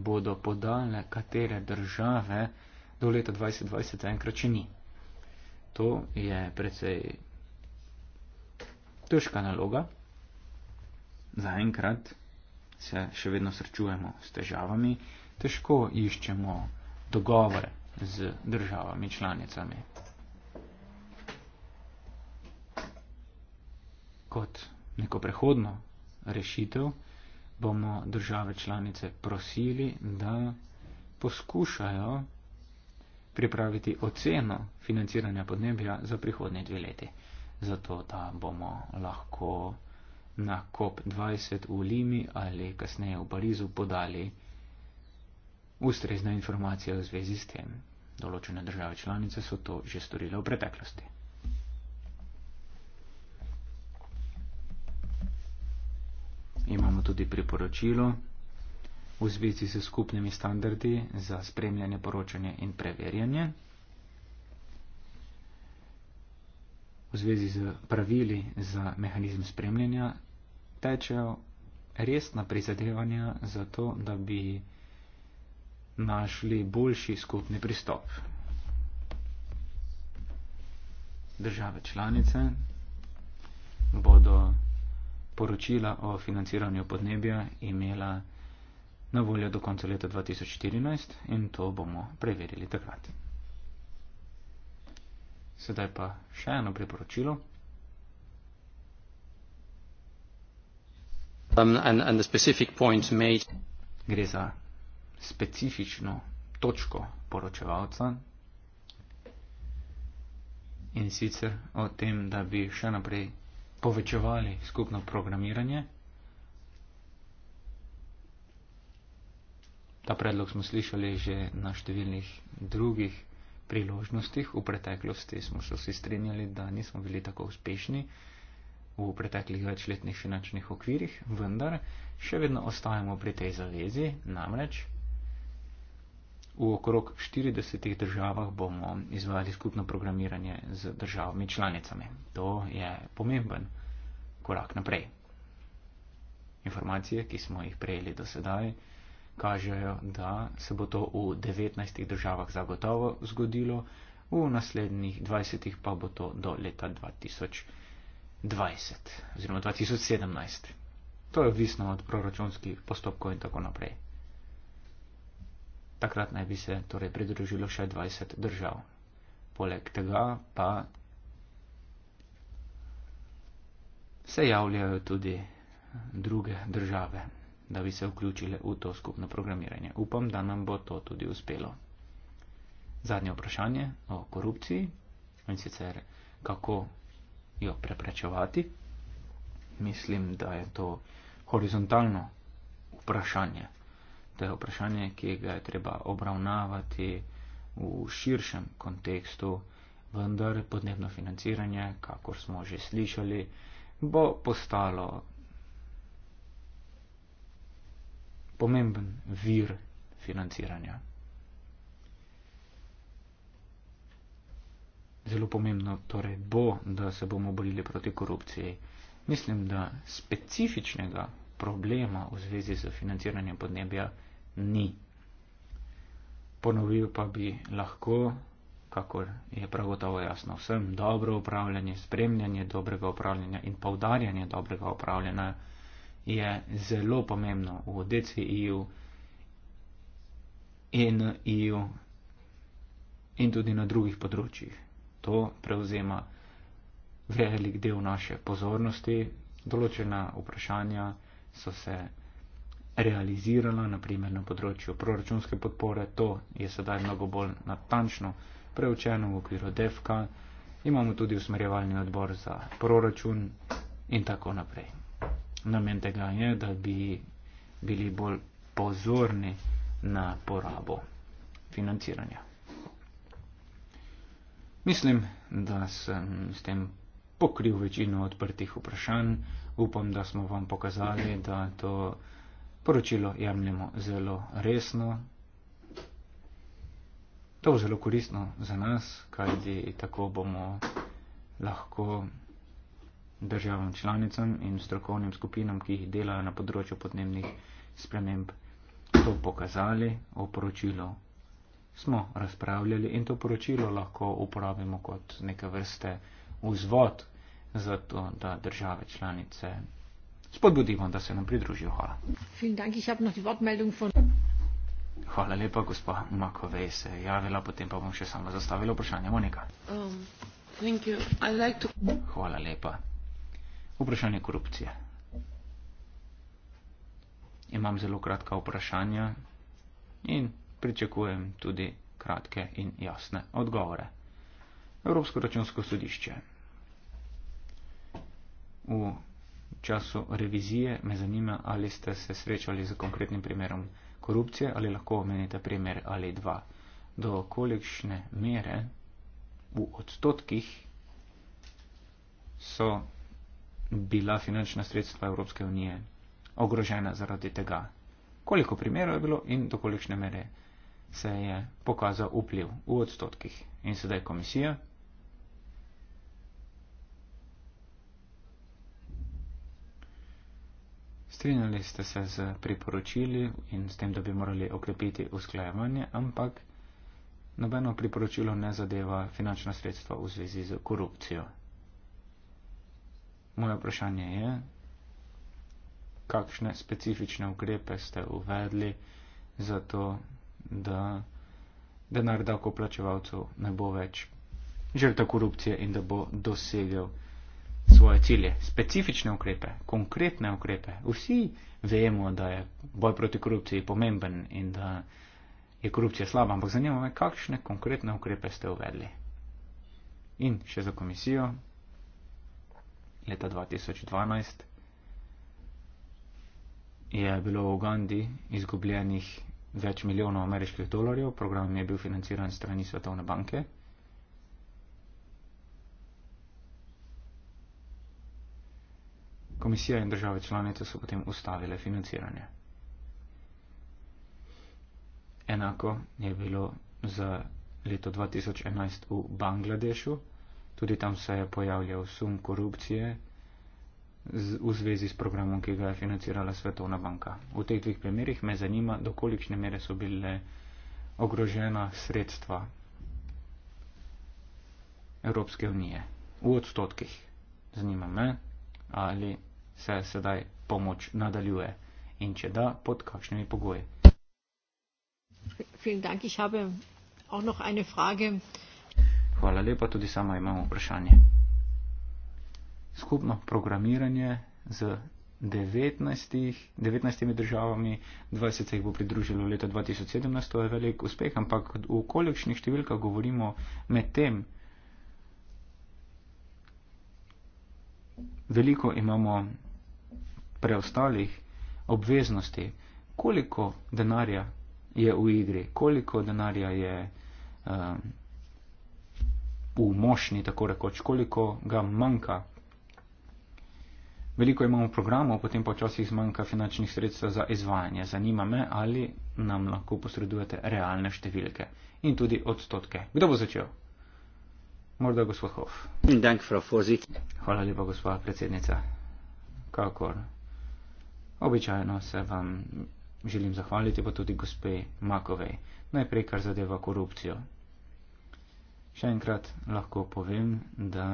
bodo podale katere države do leta 2020, enkrat še ni. To je precej težka naloga. Zaenkrat se še vedno srečujemo s težavami, težko iščemo dogovore z državami članicami. Kot neko prehodno rešitev bomo države članice prosili, da poskušajo pripraviti oceno financiranja podnebja za prihodnje dve leti. Zato, da bomo lahko na COP20 v Limi ali kasneje v Parizu podali ustrezna informacija v zvezi s tem. Določene države članice so to že storile v preteklosti. Imamo tudi priporočilo v zvezi s skupnimi standardi za spremljanje, poročanje in preverjanje. V zvezi z pravili za mehanizem spremljanja tečejo resna prizadevanja za to, da bi našli boljši skupni pristop. Države članice bodo poročila o financiranju podnebja imela na voljo do konca leta 2014 in to bomo preverili takrat. Sedaj pa še eno priporočilo. Um, and, and the specific point made. Gre za specifično točko poročevalca in sicer o tem, da bi še naprej povečevali skupno programiranje. Ta predlog smo slišali že na številnih drugih priložnostih. V preteklosti smo se vsi strinjali, da nismo bili tako uspešni v preteklih večletnih finančnih okvirih, vendar še vedno ostajamo pri tej zavezi, namreč V okrog 40 državah bomo izvajali skupno programiranje z državami članicami. To je pomemben korak naprej. Informacije, ki smo jih prejeli do sedaj, kažejo, da se bo to v 19 državah zagotovo zgodilo, v naslednjih 20 pa bo to do leta 2020 oziroma 2017. To je odvisno od proračunskih postopkov in tako naprej. Takrat naj bi se torej pridružilo še 20 držav. Poleg tega pa se javljajo tudi druge države, da bi se vključile v to skupno programiranje. Upam, da nam bo to tudi uspelo. Zadnje vprašanje o korupciji in sicer kako jo preprečevati. Mislim, da je to horizontalno vprašanje to je vprašanje, ki ga je treba obravnavati v širšem kontekstu, vendar podnebno financiranje, kakor smo že slišali, bo postalo pomemben vir financiranja. Zelo pomembno torej bo, da se bomo borili proti korupciji. Mislim, da specifičnega problema v zvezi z financiranjem podnebja ni. Ponovil pa bi lahko, kakor je prav gotovo jasno vsem, dobro upravljanje, spremljanje dobrega upravljanja in povdarjanje dobrega upravljanja je zelo pomembno v DCI-ju, e NI-ju e in tudi na drugih področjih. To prevzema velik del naše pozornosti, določena vprašanja so se realizirala, naprimer na področju proračunske podpore, to je sedaj mnogo bolj natančno preučeno v okviru DEFKA, imamo tudi usmerjevalni odbor za proračun in tako naprej. Namen tega je, da bi bili bolj pozorni na porabo financiranja. Mislim, da sem s tem pokril večino odprtih vprašanj. Upam, da smo vam pokazali, da to poročilo jemljemo zelo resno. To je zelo koristno za nas, kajti tako bomo lahko državam članicam in strokovnim skupinam, ki jih delajo na področju podnebnih sprememb, to pokazali. O poročilu smo razpravljali in to poročilo lahko uporabimo kot neke vrste vzvod za to, da države članice spodbudimo, da se nam pridružijo. Hvala. Hvala lepa, gospa Makovej se je javila, potem pa bom še sama zastavila vprašanje. Monika. Um, Hvala lepa. Vprašanje korupcije. Imam zelo kratka vprašanja in pričakujem tudi kratke in jasne odgovore. Evropsko računsko sodišče. V času revizije me zanima, ali ste se srečali z konkretnim primerom korupcije ali lahko omenite primer ali dva. Do kolikšne mere v odstotkih so bila finančna sredstva Evropske unije ogrožena zaradi tega? Koliko primerov je bilo in do kolikšne mere se je pokazal vpliv v odstotkih? In sedaj komisija strinjali ste se z priporočili in s tem, da bi morali okrepiti usklajevanje, ampak nobeno priporočilo ne zadeva finančna sredstva v zvezi z korupcijo. Moje vprašanje je, kakšne specifične ukrepe ste uvedli za to, da denar davkoplačevalcev ne bo več žrta korupcije in da bo dosegel svoje cilje, specifične ukrepe, konkretne ukrepe. Vsi vemo, da je boj proti korupciji pomemben in da je korupcija slaba, ampak zanima me, kakšne konkretne ukrepe ste uvedli. In še za komisijo leta 2012 je bilo v Ugandi izgubljenih več milijonov ameriških dolarjev, program je bil financiran strani Svetovne banke. Komisija in države članice so potem ustavile financiranje. Enako je bilo za leto 2011 v Bangladešu, tudi tam se je pojavljal sum korupcije v zvezi s programom, ki ga je financirala Svetovna banka. V teh dveh primerih me zanima, do kolikšne mere so bile ogrožena sredstva Evropske unije. V odstotkih. Zanima me, ali se sedaj pomoč nadaljuje in če da, pod kakšnimi pogoji. Hvala lepa, tudi sama imam vprašanje. Skupno programiranje z 19, 19 državami, 20 se jih bo pridružilo leta 2017, to je velik uspeh, ampak v kolikšnih številkah govorimo med tem, veliko imamo preostalih obveznosti, koliko denarja je v igri, koliko denarja je um, v mošni, tako rekoč, koliko ga manjka. Veliko imamo programov, potem pa včasih zmanjka finančnih sredstev za izvajanje. Zanima me, ali nam lahko posredujete realne številke in tudi odstotke. Kdo bo začel? Morda gospod Hof. Hvala lepa, gospod predsednica. Kakor. Običajno se vam želim zahvaliti, pa tudi gospe Makovej, najprej kar zadeva korupcijo. Še enkrat lahko povem, da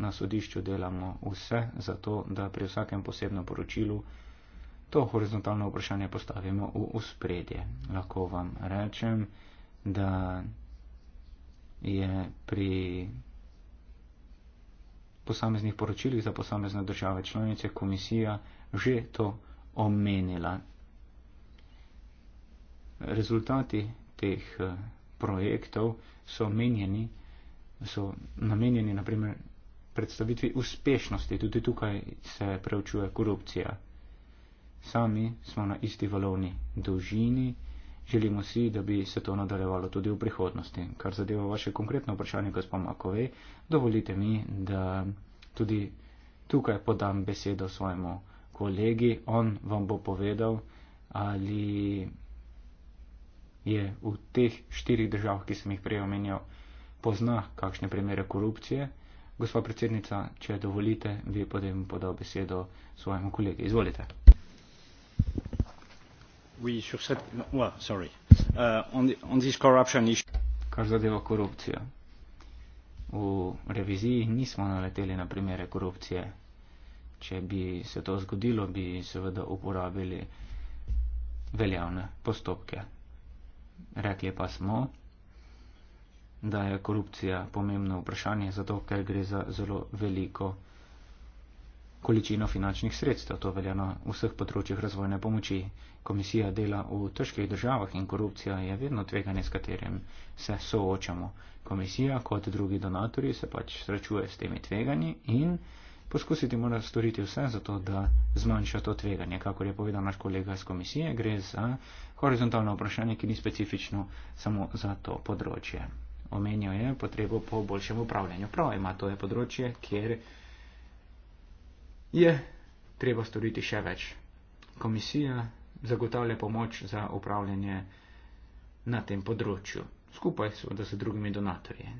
na sodišču delamo vse za to, da pri vsakem posebnem poročilu to horizontalno vprašanje postavimo v uspredje. Lahko vam rečem, da je pri posameznih poročilih za posamezne države članice komisija že to vprašanje omenila. Rezultati teh eh, projektov so, menjeni, so namenjeni naprimer predstavitvi uspešnosti, tudi tukaj se preučuje korupcija. Sami smo na isti valovni dolžini, želimo si, da bi se to nadaljevalo tudi v prihodnosti. Kar zadeva vaše konkretno vprašanje, gospod Makove, dovolite mi, da tudi tukaj podam besedo svojemu kolegi, on vam bo povedal, ali je v teh štirih državah, ki sem jih prej omenjal, pozna kakšne primere korupcije. Gospa predsednica, če dovolite, bi potem podal besedo svojemu kolegi. Izvolite. Euh, Kar zadeva korupcijo. V reviziji nismo naleteli na primere korupcije če bi se to zgodilo, bi seveda uporabili veljavne postopke. Rekli pa smo, da je korupcija pomembno vprašanje, zato ker gre za zelo veliko količino finančnih sredstev. To velja na vseh področjih razvojne pomoči. Komisija dela v težkih državah in korupcija je vedno tveganje, s katerim se soočamo. Komisija kot drugi donatori se pač srečuje s temi tveganji in poskusiti mora storiti vse za to, da zmanjša to tveganje. Kakor je povedal naš kolega iz komisije, gre za horizontalno vprašanje, ki ni specifično samo za to področje. Omenil je potrebo po boljšem upravljanju. Prav ima to je področje, kjer je treba storiti še več. Komisija zagotavlja pomoč za upravljanje na tem področju, skupaj seveda z drugimi donatorji.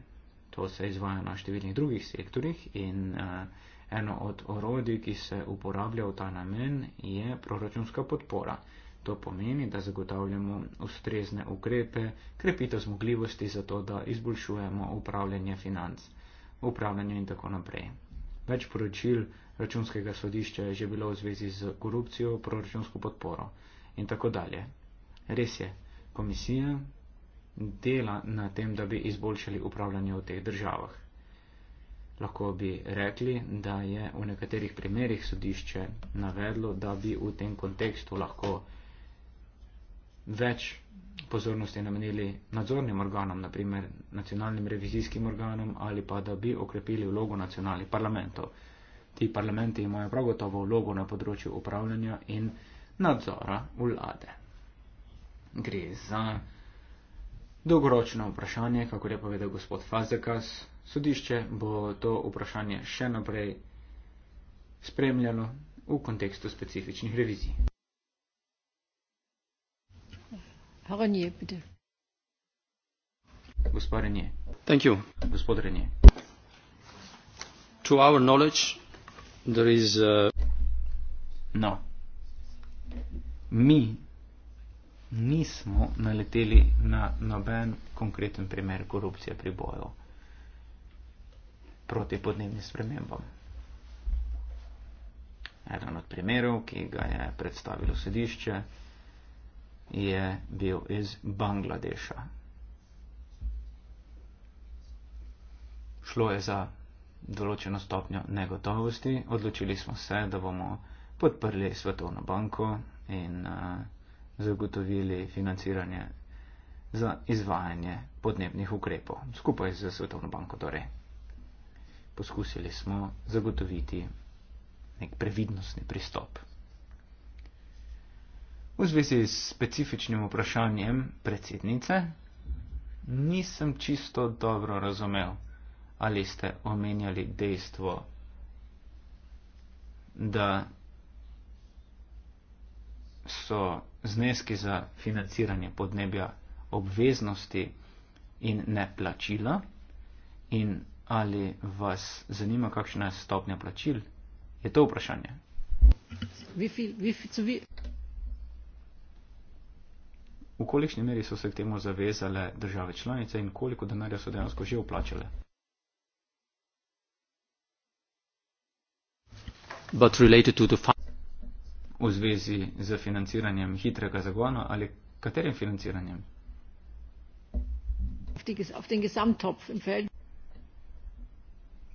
To se izvaja na številnih drugih sektorjih in uh, Eno od orodij, ki se uporablja v ta namen, je proračunska podpora. To pomeni, da zagotavljamo ustrezne ukrepe, krepitev zmogljivosti za to, da izboljšujemo upravljanje financ, upravljanje in tako naprej. Več poročil računskega sodišča je že bilo v zvezi z korupcijo, proračunsko podporo in tako dalje. Res je, komisija dela na tem, da bi izboljšali upravljanje v teh državah lahko bi rekli, da je v nekaterih primerjih sodišče navedlo, da bi v tem kontekstu lahko več pozornosti namenili nadzornim organom, naprimer nacionalnim revizijskim organom ali pa da bi okrepili vlogo nacionalnih parlamentov. Ti parlamenti imajo prav gotovo vlogo na področju upravljanja in nadzora vlade. Gre za Dolgoročno vprašanje, kako je povedal gospod Fazekas, sodišče bo to vprašanje še naprej spremljalo v kontekstu specifičnih revizij. Renje, bitte. Gospod Renje. Thank you. Gospod Renje. To our knowledge, there is a... Uh, no. Mi nismo naleteli na noben konkreten primer korupcije pri boju proti podnebnim spremembam. Eden od primerov, ki ga je predstavilo sodišče, je bil iz Bangladeša. Šlo je za določeno stopnjo negotovosti, odločili smo se, da bomo podprli Svetovno banko in uh, zagotovili financiranje za izvajanje podnebnih ukrepov, skupaj z Svetovno banko torej. Poskusili smo zagotoviti nek previdnostni pristop. V zvezi s specifičnim vprašanjem predsednice nisem čisto dobro razumel, ali ste omenjali dejstvo, da so zneski za financiranje podnebja obveznosti in neplačila in ali vas zanima, kakšna je stopnja plačil? Je to vprašanje? V kolikšni meri so se k temu zavezale države članice in koliko denarja so dejansko že uplačale? But related to the fund v zvezi z financiranjem hitrega zagona ali katerim financiranjem?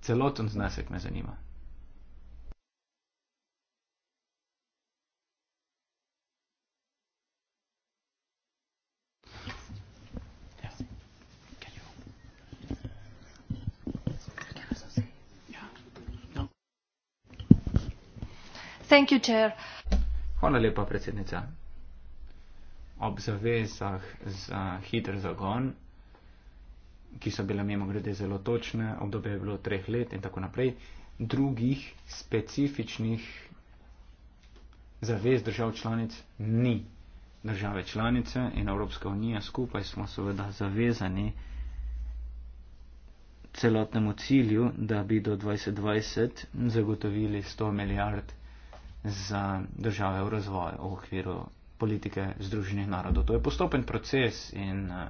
Celoten znesek me zanima. Thank you, Chair. Hvala lepa, predsednica. Ob zavezah za hiter zagon, ki so bile mimo grede zelo točne, obdobje je bilo treh let in tako naprej, drugih specifičnih zavez držav članic ni. Države članice in Evropska unija skupaj smo seveda zavezani celotnemu cilju, da bi do 2020 zagotovili 100 milijard za države v razvoju v okviru politike Združenih narodov. To je postopen proces in eh,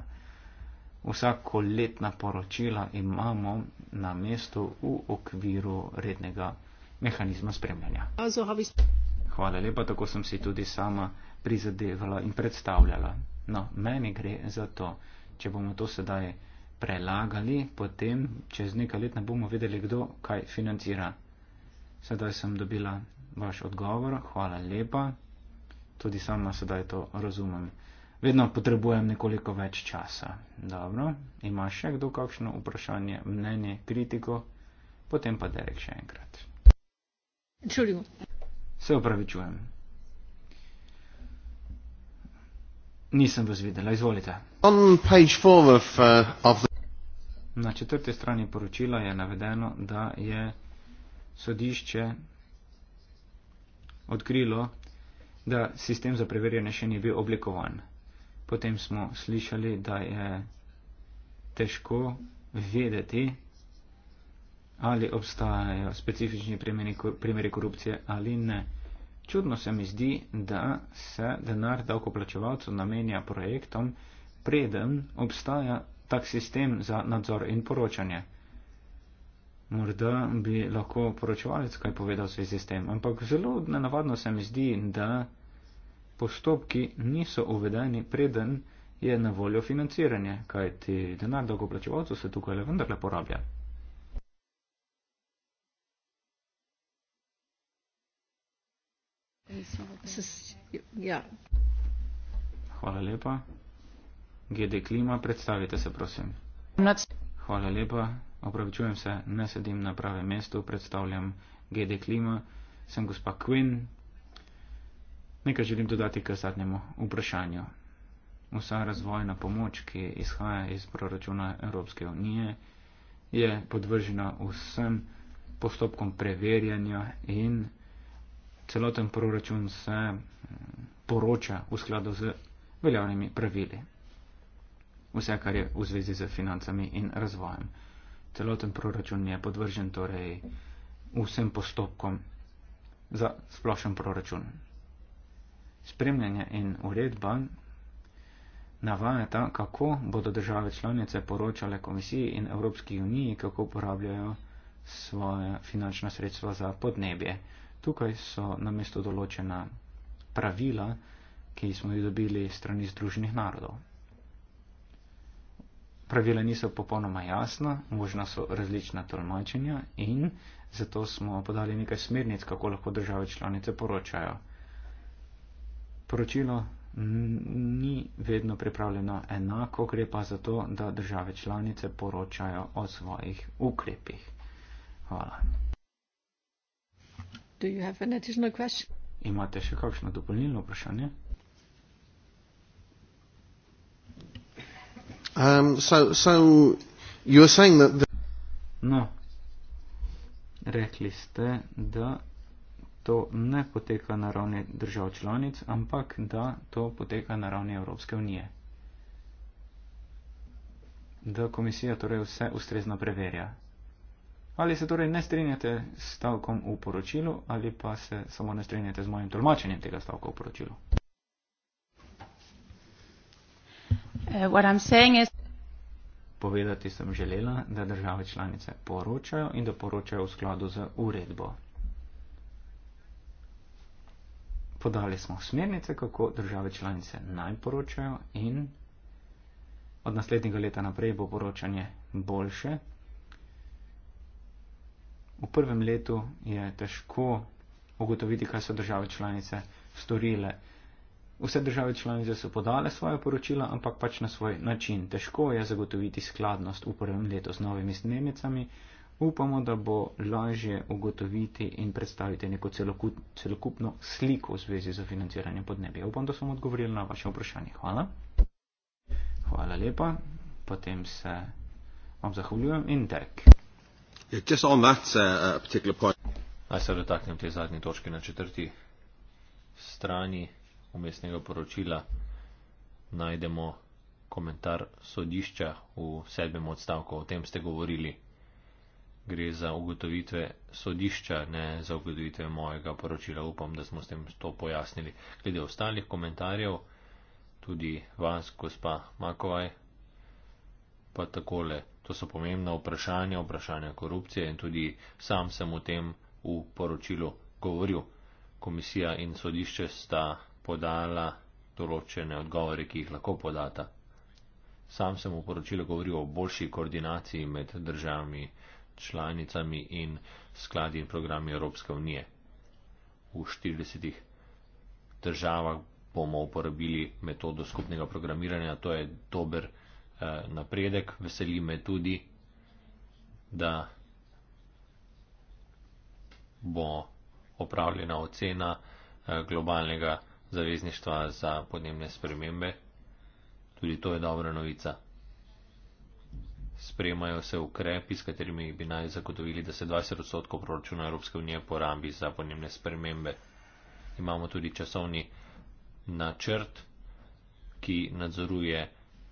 vsako letna poročila imamo na mestu v okviru rednega mehanizma spremljanja. Hvala lepa, tako sem si tudi sama prizadevala in predstavljala. No, meni gre za to, če bomo to sedaj prelagali, potem čez nekaj let ne bomo vedeli, kdo kaj financira. Sedaj sem dobila vaš odgovor, hvala lepa. Tudi sam na sedaj to razumem. Vedno potrebujem nekoliko več časa. Dobro, ima še kdo kakšno vprašanje, mnenje, kritiko, potem pa Derek še enkrat. Čuljivo. Se upravičujem. Nisem vas videla, izvolite. Of, uh, of the... Na četrti strani poročila je navedeno, da je sodišče odkrilo, da sistem za preverjanje še ni bil oblikovan. Potem smo slišali, da je težko vedeti, ali obstajajo specifični primeri korupcije ali ne. Čudno se mi zdi, da se denar davkoplačevalcev namenja projektom, preden obstaja tak sistem za nadzor in poročanje morda bi lahko poročevalec kaj povedal v zvezi s tem, ampak zelo nenavadno se mi zdi, da postopki niso uvedeni preden je na voljo financiranje, kajti denar dolgoplačevalcev se tukaj le vendarle porablja. Ja. Hvala lepa. GD Klima, predstavite se, prosim. Hvala lepa opravičujem se, ne sedim na pravem mestu, predstavljam GD Klima, sem gospa Quinn. Nekaj želim dodati k zadnjemu vprašanju. Vsa razvojna pomoč, ki izhaja iz proračuna Evropske unije, je podvržena vsem postopkom preverjanja in celoten proračun se mm, poroča v skladu z veljavnimi pravili. Vse, kar je v zvezi z financami in razvojem celoten proračun je podvržen torej vsem postopkom za splošen proračun. Spremljanje in uredba navajata, kako bodo države članice poročale komisiji in Evropski uniji, kako uporabljajo svoje finančna sredstva za podnebje. Tukaj so na mesto določena pravila, ki smo jih dobili strani Združenih narodov pravila niso popolnoma jasna, možno so različna tolmačenja in zato smo podali nekaj smernic, kako lahko države članice poročajo. Poročilo ni vedno pripravljeno enako, gre pa za to, da države članice poročajo o svojih ukrepih. Hvala. Imate še kakšno dopolnilno vprašanje? Um, so, so you are saying that. The no. Rekli ste, da to ne poteka na ravni držav članic, ampak da to poteka na ravni Evropske unije. Da komisija torej vse ustrezno preverja. Ali se torej ne strinjate s stavkom v poročilu ali pa se samo ne strinjate z mojim tolmačenjem tega stavka v poročilu? Eh, Povedati sem želela, da države članice poročajo in da poročajo v skladu z uredbo. Podali smo smernice, kako države članice naj poročajo in od naslednjega leta naprej bo poročanje boljše. V prvem letu je težko ugotoviti, kaj so države članice storile. Vse države članice so podale svoje poročila, ampak pač na svoj način. Težko je zagotoviti skladnost v prvem letu z novimi smernicami. Upamo, da bo lažje ugotoviti in predstaviti neko celokup, celokupno sliko v zvezi z financiranjem podnebja. Upam, da sem odgovoril na vaše vprašanje. Hvala. Hvala lepa. Potem se vam zahvaljujem in tek. Uh, uh, Naj se dotaknem te zadnje točke na četrti strani umestnega poročila najdemo komentar sodišča v sedmem odstavku. O tem ste govorili. Gre za ugotovitve sodišča, ne za ugotovitve mojega poročila. Upam, da smo s tem to pojasnili. Glede ostalih komentarjev, tudi vas, gospa Makovaj, pa takole. To so pomembna vprašanja, vprašanja korupcije in tudi sam sem o tem v poročilu govoril. Komisija in sodišče sta podala določene odgovore, ki jih lahko podata. Sam sem v poročilu govoril o boljši koordinaciji med državami, članicami in skladi in programi Evropske unije. V 40 državah bomo uporabili metodo skupnega programiranja, to je dober eh, napredek. Veseli me tudi, da bo opravljena ocena eh, globalnega zavezništva za podnebne spremembe. Tudi to je dobra novica. Spremajo se ukrepi, s katerimi bi naj zagotovili, da se 20 odstotkov proračuna Evropske unije porabi za podnebne spremembe. Imamo tudi časovni načrt, ki nadzoruje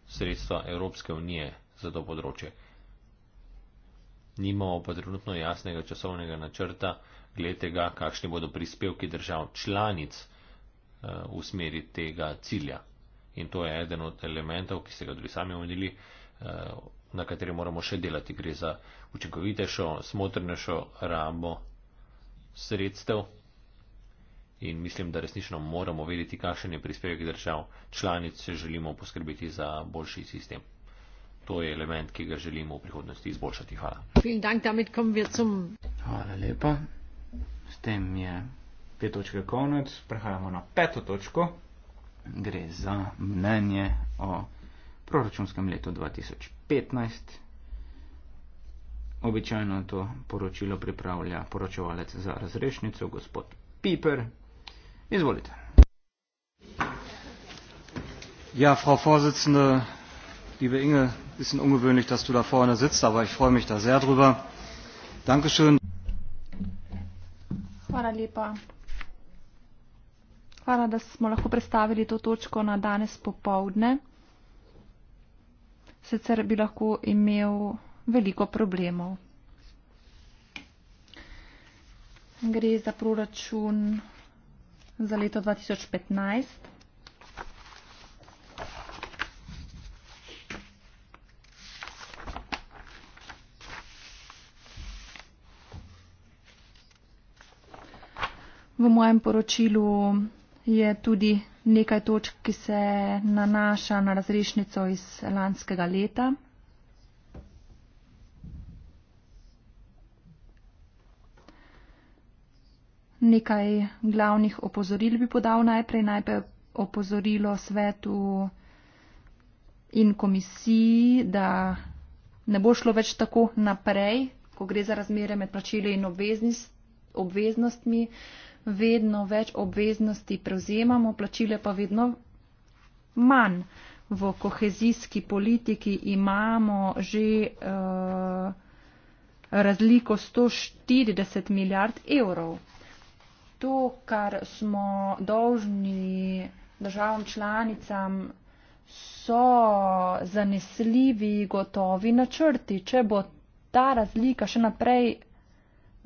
sredstva Evropske unije za to področje. Nimamo pa trenutno jasnega časovnega načrta, glede tega, kakšni bodo prispevki držav članic v smeri tega cilja. In to je eden od elementov, ki ste ga tudi sami omenili, eh, na kateri moramo še delati. Gre za učinkovitejšo, smotrnejšo rabo sredstev in mislim, da resnično moramo vedeti, kakšen je prispevek držav članic, če želimo poskrbeti za boljši sistem. To je element, ki ga želimo v prihodnosti izboljšati. Hvala. Hvala lepa. S tem je te točke konec, prehajamo na peto točko, gre za mnenje o proračunskem letu 2015. Običajno to poročilo pripravlja poročevalec za razrešnico, gospod Piper. Izvolite. Ja, frau Vorsitzende, liebe Inge, bisschen ungewöhnlich, dass du da vorne sitzt, aber ich freue mich da sehr drüber. Dankeschön. Hvala lepa. Hvala, da smo lahko predstavili to točko na danes popovdne. Sicer bi lahko imel veliko problemov. Gre za proračun za leto 2015. V mojem poročilu je tudi nekaj točk, ki se nanaša na razrešnico iz lanskega leta. Nekaj glavnih opozoril bi podal najprej. Najprej opozorilo svetu in komisiji, da ne bo šlo več tako naprej, ko gre za razmere med plačili in obveznostmi vedno več obveznosti prevzemamo, plačile pa vedno manj. V kohezijski politiki imamo že uh, razliko 140 milijard evrov. To, kar smo dolžni državam članicam, so zanesljivi gotovi načrti. Če bo ta razlika še naprej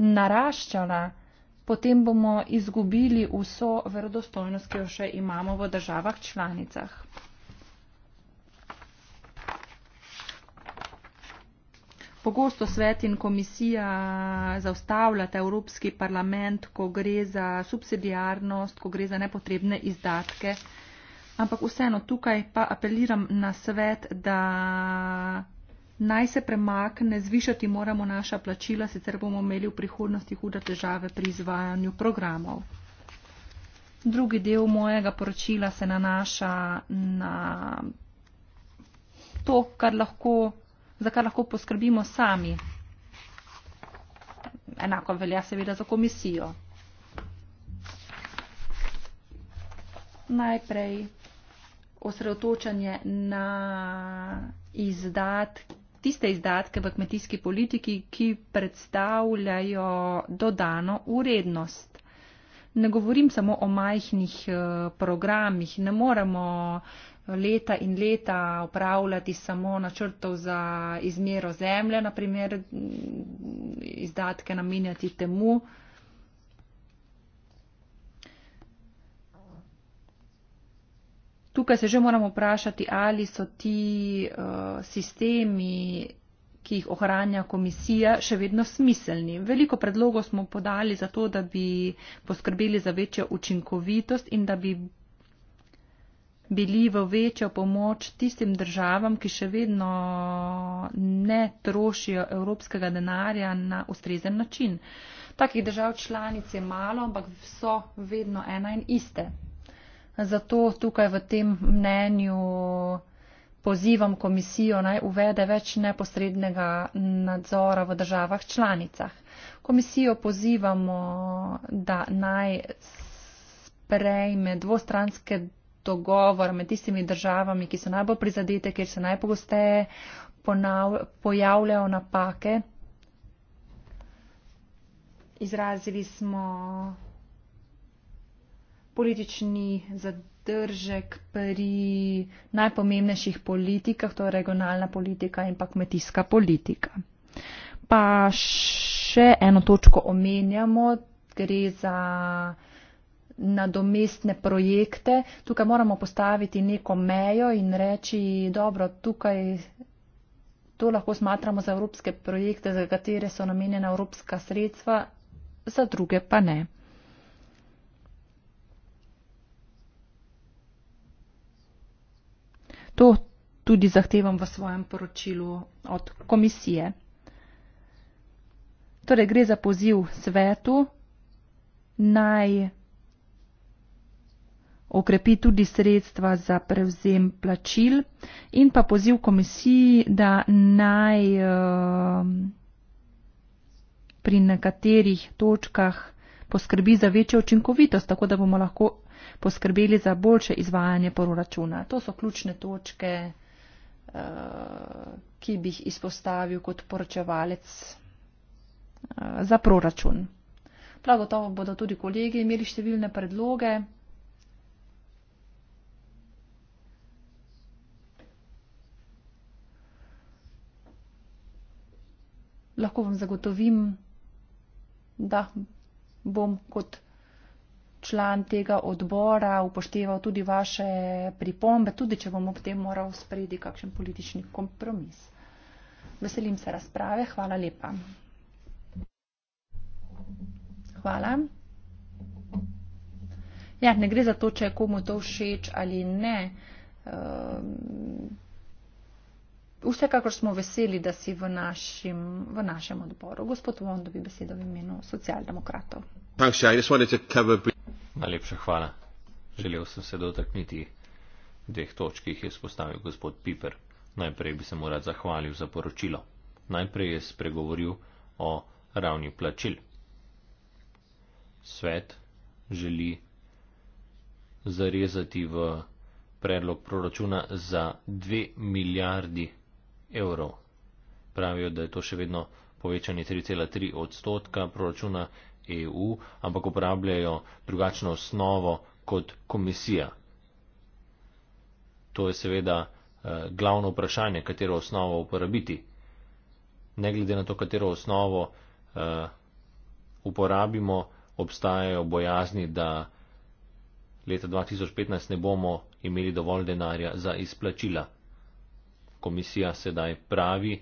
naraščala, potem bomo izgubili vso verodostojnost, ki jo še imamo v državah članicah. Pogosto svet in komisija zaustavljata Evropski parlament, ko gre za subsidijarnost, ko gre za nepotrebne izdatke. Ampak vseeno tukaj pa apeliram na svet, da naj se premakne, zvišati moramo naša plačila, sicer bomo imeli v prihodnosti hude težave pri izvajanju programov. Drugi del mojega poročila se nanaša na to, kar lahko, za kar lahko poskrbimo sami. Enako velja seveda za komisijo. Najprej osredotočanje na izdatke tiste izdatke v kmetijski politiki, ki predstavljajo dodano urednost. Ne govorim samo o majhnih eh, programih, ne moremo eh, leta in leta upravljati samo načrtov za izmero zemlje, naprimer mm, izdatke namenjati temu, tukaj se že moramo vprašati, ali so ti uh, sistemi, ki jih ohranja komisija, še vedno smiselni. Veliko predlogov smo podali za to, da bi poskrbeli za večjo učinkovitost in da bi bili v večjo pomoč tistim državam, ki še vedno ne trošijo evropskega denarja na ustrezen način. Takih držav članic je malo, ampak so vedno ena in iste. Zato tukaj v tem mnenju pozivam komisijo naj uvede več neposrednega nadzora v državah članicah. Komisijo pozivamo, da naj sprejme dvostranske dogovor med tistimi državami, ki so najbolj prizadete, kjer se najpogosteje pojavljajo napake. Izrazili smo politični zadržek pri najpomembnejših politikah, to je regionalna politika in pa kmetijska politika. Pa še eno točko omenjamo, gre za nadomestne projekte. Tukaj moramo postaviti neko mejo in reči, dobro, tukaj to lahko smatramo za evropske projekte, za katere so namenjena evropska sredstva, za druge pa ne. To tudi zahtevam v svojem poročilu od komisije. Torej gre za poziv svetu naj okrepi tudi sredstva za prevzem plačil in pa poziv komisiji, da naj ehm, pri nekaterih točkah poskrbi za večjo učinkovitost, tako da bomo lahko poskrbeli za boljše izvajanje proračuna. To so ključne točke, eh, ki bi jih izpostavil kot poročevalec eh, za proračun. Prav gotovo bodo tudi kolegi imeli številne predloge. Lahko vam zagotovim, da bom kot član tega odbora upošteval tudi vaše pripombe, tudi če bom ob tem moral sprejeti kakšen politični kompromis. Veselim se razprave. Hvala lepa. Hvala. Ja, ne gre za to, če je komu to všeč ali ne. Ehm, vsekakor smo veseli, da si v, našim, v našem odboru. Gospod Vondo bi besedo v imenu socialdemokratov. Najlepša hvala. Želel sem se dotakniti dveh točk, ki jih je spostavil gospod Piper. Najprej bi se mu rad zahvalil za poročilo. Najprej je spregovoril o ravni plačil. Svet želi zarezati v predlog proračuna za dve milijardi evrov. Pravijo, da je to še vedno povečanje 3,3 odstotka proračuna EU, ampak uporabljajo drugačno osnovo kot komisija. To je seveda eh, glavno vprašanje, katero osnovo uporabiti. Ne glede na to, katero osnovo eh, uporabimo, obstajajo bojazni, da leta 2015 ne bomo imeli dovolj denarja za izplačila. Komisija sedaj pravi,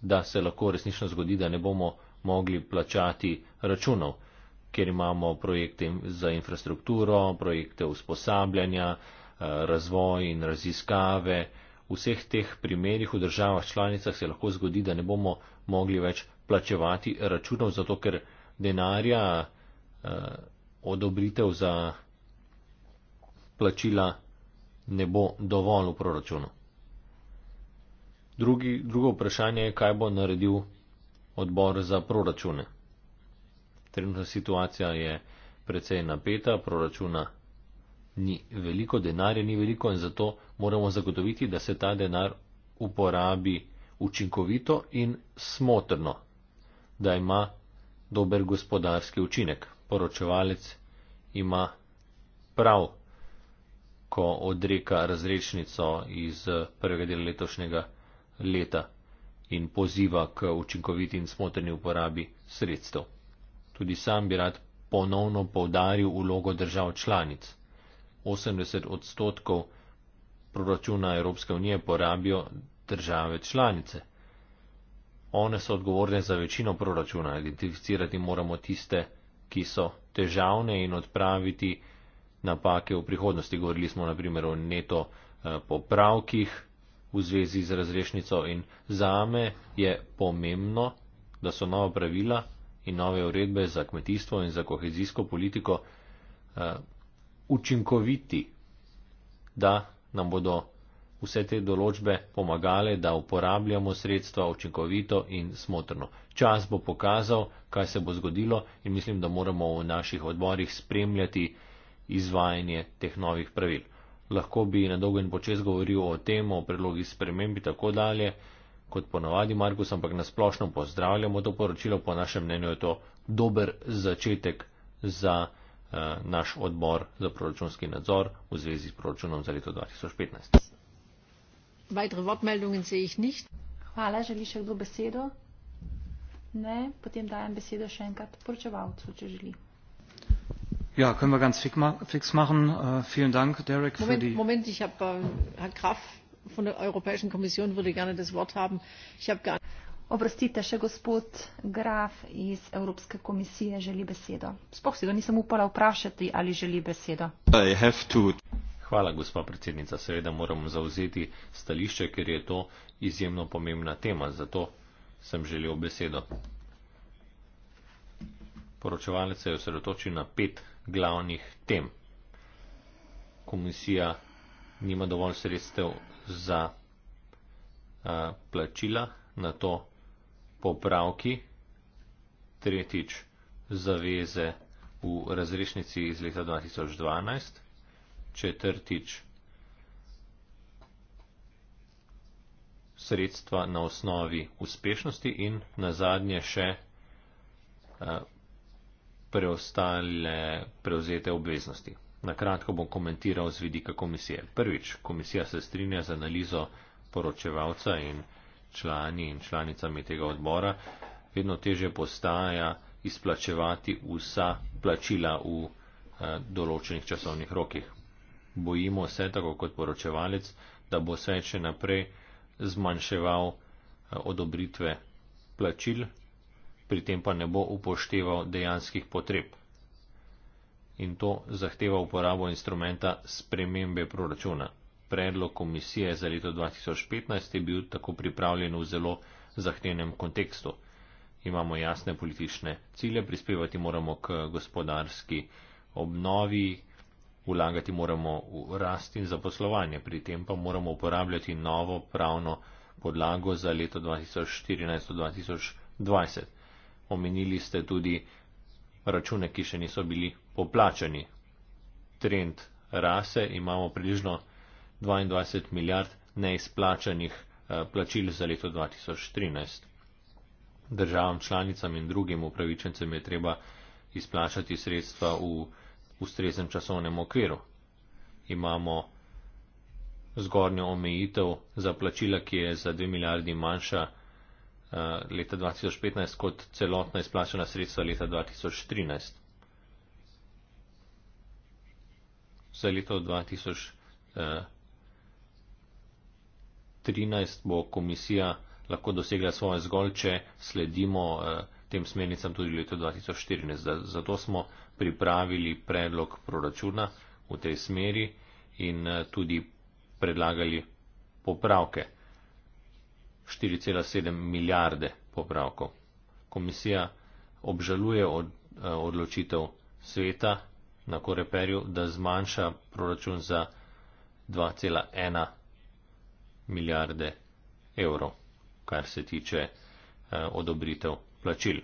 da se lahko resnično zgodi, da ne bomo mogli plačati računov, ker imamo projekte za infrastrukturo, projekte usposabljanja, eh, razvoj in raziskave. V vseh teh primerjih v državah članicah se lahko zgodi, da ne bomo mogli več plačevati računov, zato ker denarja eh, odobritev za plačila ne bo dovolj v proračunu. Drugi, drugo vprašanje je, kaj bo naredil odbor za proračune. Trenutna situacija je precej napeta, proračuna ni veliko, denarja ni veliko in zato moramo zagotoviti, da se ta denar uporabi učinkovito in smotrno, da ima dober gospodarski učinek. Poročevalec ima prav, ko odreka razrečnico iz prvega dela letošnjega leta in poziva k učinkoviti in smotrni uporabi sredstev. Tudi sam bi rad ponovno povdaril ulogo držav članic. 80 odstotkov proračuna Evropske unije porabijo države članice. One so odgovorne za večino proračuna, identificirati moramo tiste, ki so težavne in odpraviti napake v prihodnosti. Govorili smo naprimer o neto eh, popravkih, v zvezi z razrešnico in zame je pomembno, da so nova pravila in nove uredbe za kmetijstvo in za kohezijsko politiko uh, učinkoviti, da nam bodo vse te določbe pomagale, da uporabljamo sredstva učinkovito in smotrno. Čas bo pokazal, kaj se bo zgodilo in mislim, da moramo v naših odborih spremljati izvajanje teh novih pravil lahko bi na dolgo in počes govoril o tem, o predlogi spremembi in tako dalje, kot ponovadi Markus, ampak nasplošno pozdravljamo to poročilo, po našem mnenju je to dober začetek za eh, naš odbor za proračunski nadzor v zvezi s proračunom za leto 2015. Hvala, želi še kdo besedo? Ne, potem dajem besedo še enkrat poročevalcu, če želi. Ja, können wir ganz fix machen. Äh, vielen dank derek für die. moment äh, herr graf von der europäischen kommission würde gerne das wort haben. oprostite še gospod graf iz evropske komisije želi besedo. sploh si ga nisem upala vprašati ali želi besedo. hvala gospa predsednica seveda moram zauzeti stališče ker je to izjemno pomembna tema zato sem želel besedo. poročevalec se je osredotočil na pet glavnih tem. Komisija nima dovolj sredstev za a, plačila, na to popravki, tretjič zaveze v razrešnici iz leta 2012, četrtič sredstva na osnovi uspešnosti in na zadnje še a, preostale prevzete obveznosti. Na kratko bom komentiral z vidika komisije. Prvič, komisija se strinja z analizo poročevalca in člani in članicami tega odbora, vedno teže postaja izplačevati vsa plačila v eh, določenih časovnih rokih. Bojimo se, tako kot poročevalec, da bo svet še naprej zmanjševal eh, odobritve plačil pri tem pa ne bo upošteval dejanskih potreb. In to zahteva uporabo instrumenta spremembe proračuna. Predlog komisije za leto 2015 je bil tako pripravljen v zelo zahtevnem kontekstu. Imamo jasne politične cilje, prispevati moramo k gospodarski obnovi, ulagati moramo v rast in zaposlovanje, pri tem pa moramo uporabljati novo pravno podlago za leto 2014-2020 omenili ste tudi račune, ki še niso bili poplačani. Trend rase imamo približno 22 milijard neizplačanih eh, plačil za leto 2013. Državam članicam in drugim upravičencem je treba izplačati sredstva v ustreznem časovnem okviru. Imamo zgornjo omejitev za plačila, ki je za 2 milijardi manjša Eh, leta 2015 kot celotna izplačena sredstva leta 2013. Za leto 2013 bo komisija lahko dosegla svoje zgolj, če sledimo eh, tem smernicam tudi leto 2014. Zato smo pripravili predlog proračuna v tej smeri in eh, tudi predlagali popravke. 4,7 milijarde popravkov. Komisija obžaluje od, eh, odločitev sveta na Koreperju, da zmanjša proračun za 2,1 milijarde evrov, kar se tiče eh, odobritev plačil.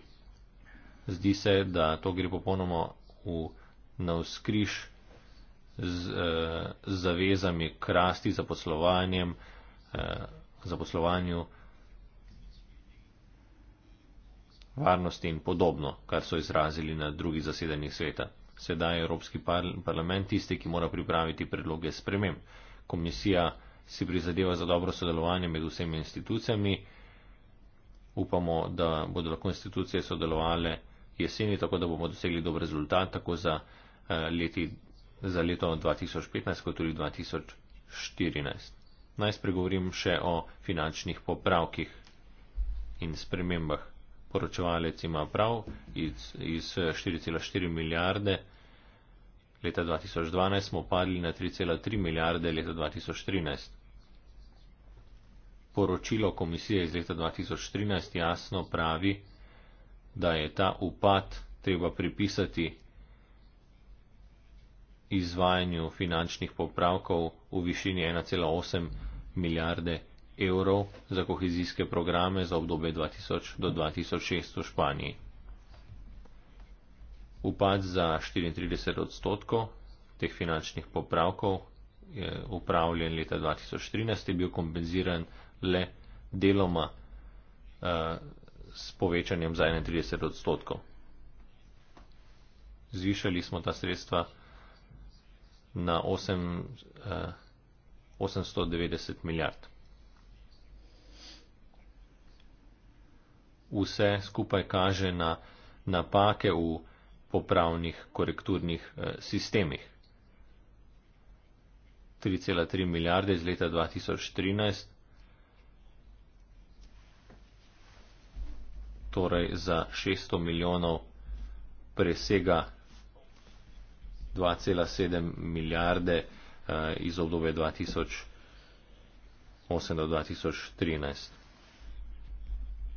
Zdi se, da to gre popolnoma v navskriž z, z eh, zavezami krasti za poslovanjem zaposlovanju, varnosti in podobno, kar so izrazili na drugih zasedanjih sveta. Sedaj je Evropski parlament tisti, ki mora pripraviti predloge sprememb. Komisija si prizadeva za dobro sodelovanje med vsemi institucijami. Upamo, da bodo lahko institucije sodelovale jeseni, tako da bomo dosegli dober rezultat tako za, eh, leti, za leto 2015 kot tudi 2014 naj spregovorim še o finančnih popravkih in spremembah. Poročevalec ima prav iz, iz 4,4 milijarde. Leta 2012 smo padli na 3,3 milijarde leta 2013. Poročilo komisije iz leta 2013 jasno pravi, da je ta upad treba pripisati izvajanju finančnih popravkov v višini 1,8 milijarde milijarde evrov za kohezijske programe za obdobje 2000 do 2006 v Španiji. Upad za 34 odstotkov teh finančnih popravkov je upravljen leta 2013, je bil kompenziran le deloma uh, s povečanjem za 31 odstotkov. Zvišali smo ta sredstva na 8. Uh, eh, 890 milijard. Vse skupaj kaže na napake v popravnih korekturnih eh, sistemih. 3,3 milijarde iz leta 2013. torej za 600 milijonov presega 2,7 milijarde Eh, iz obdobja 2008 do 2013.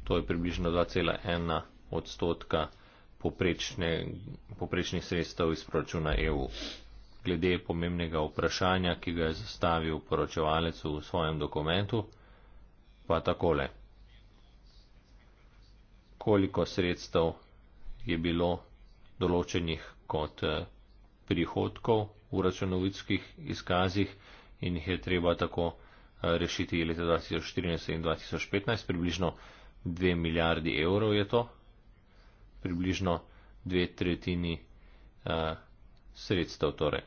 To je približno 2,1 odstotka poprečne, poprečnih sredstev iz proračuna EU. Glede pomembnega vprašanja, ki ga je zastavil poročevalec v svojem dokumentu, pa takole. Koliko sredstev je bilo določenih kot eh, prihodkov v računovitskih izkazih in jih je treba tako eh, rešiti leta 2014 in 2015. Približno 2 milijardi evrov je to, približno dve tretjini uh, sredstev, torej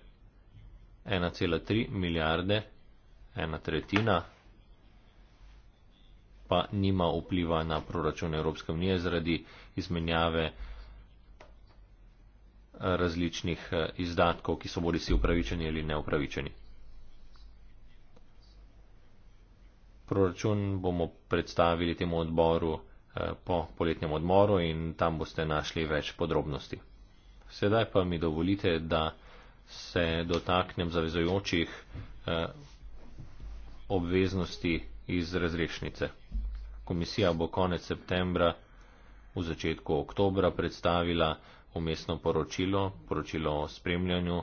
1,3 milijarde, ena tretjina pa nima vpliva na proračun Evropske unije zaradi izmenjave različnih eh, izdatkov, ki so bodi si upravičeni ali neupravičeni. Proračun bomo predstavili temu odboru eh, po poletnem odmoru in tam boste našli več podrobnosti. Sedaj pa mi dovolite, da se dotaknem zavezojočih eh, obveznosti iz razrešnice. Komisija bo konec septembra v začetku oktobra predstavila umestno poročilo, poročilo o spremljanju,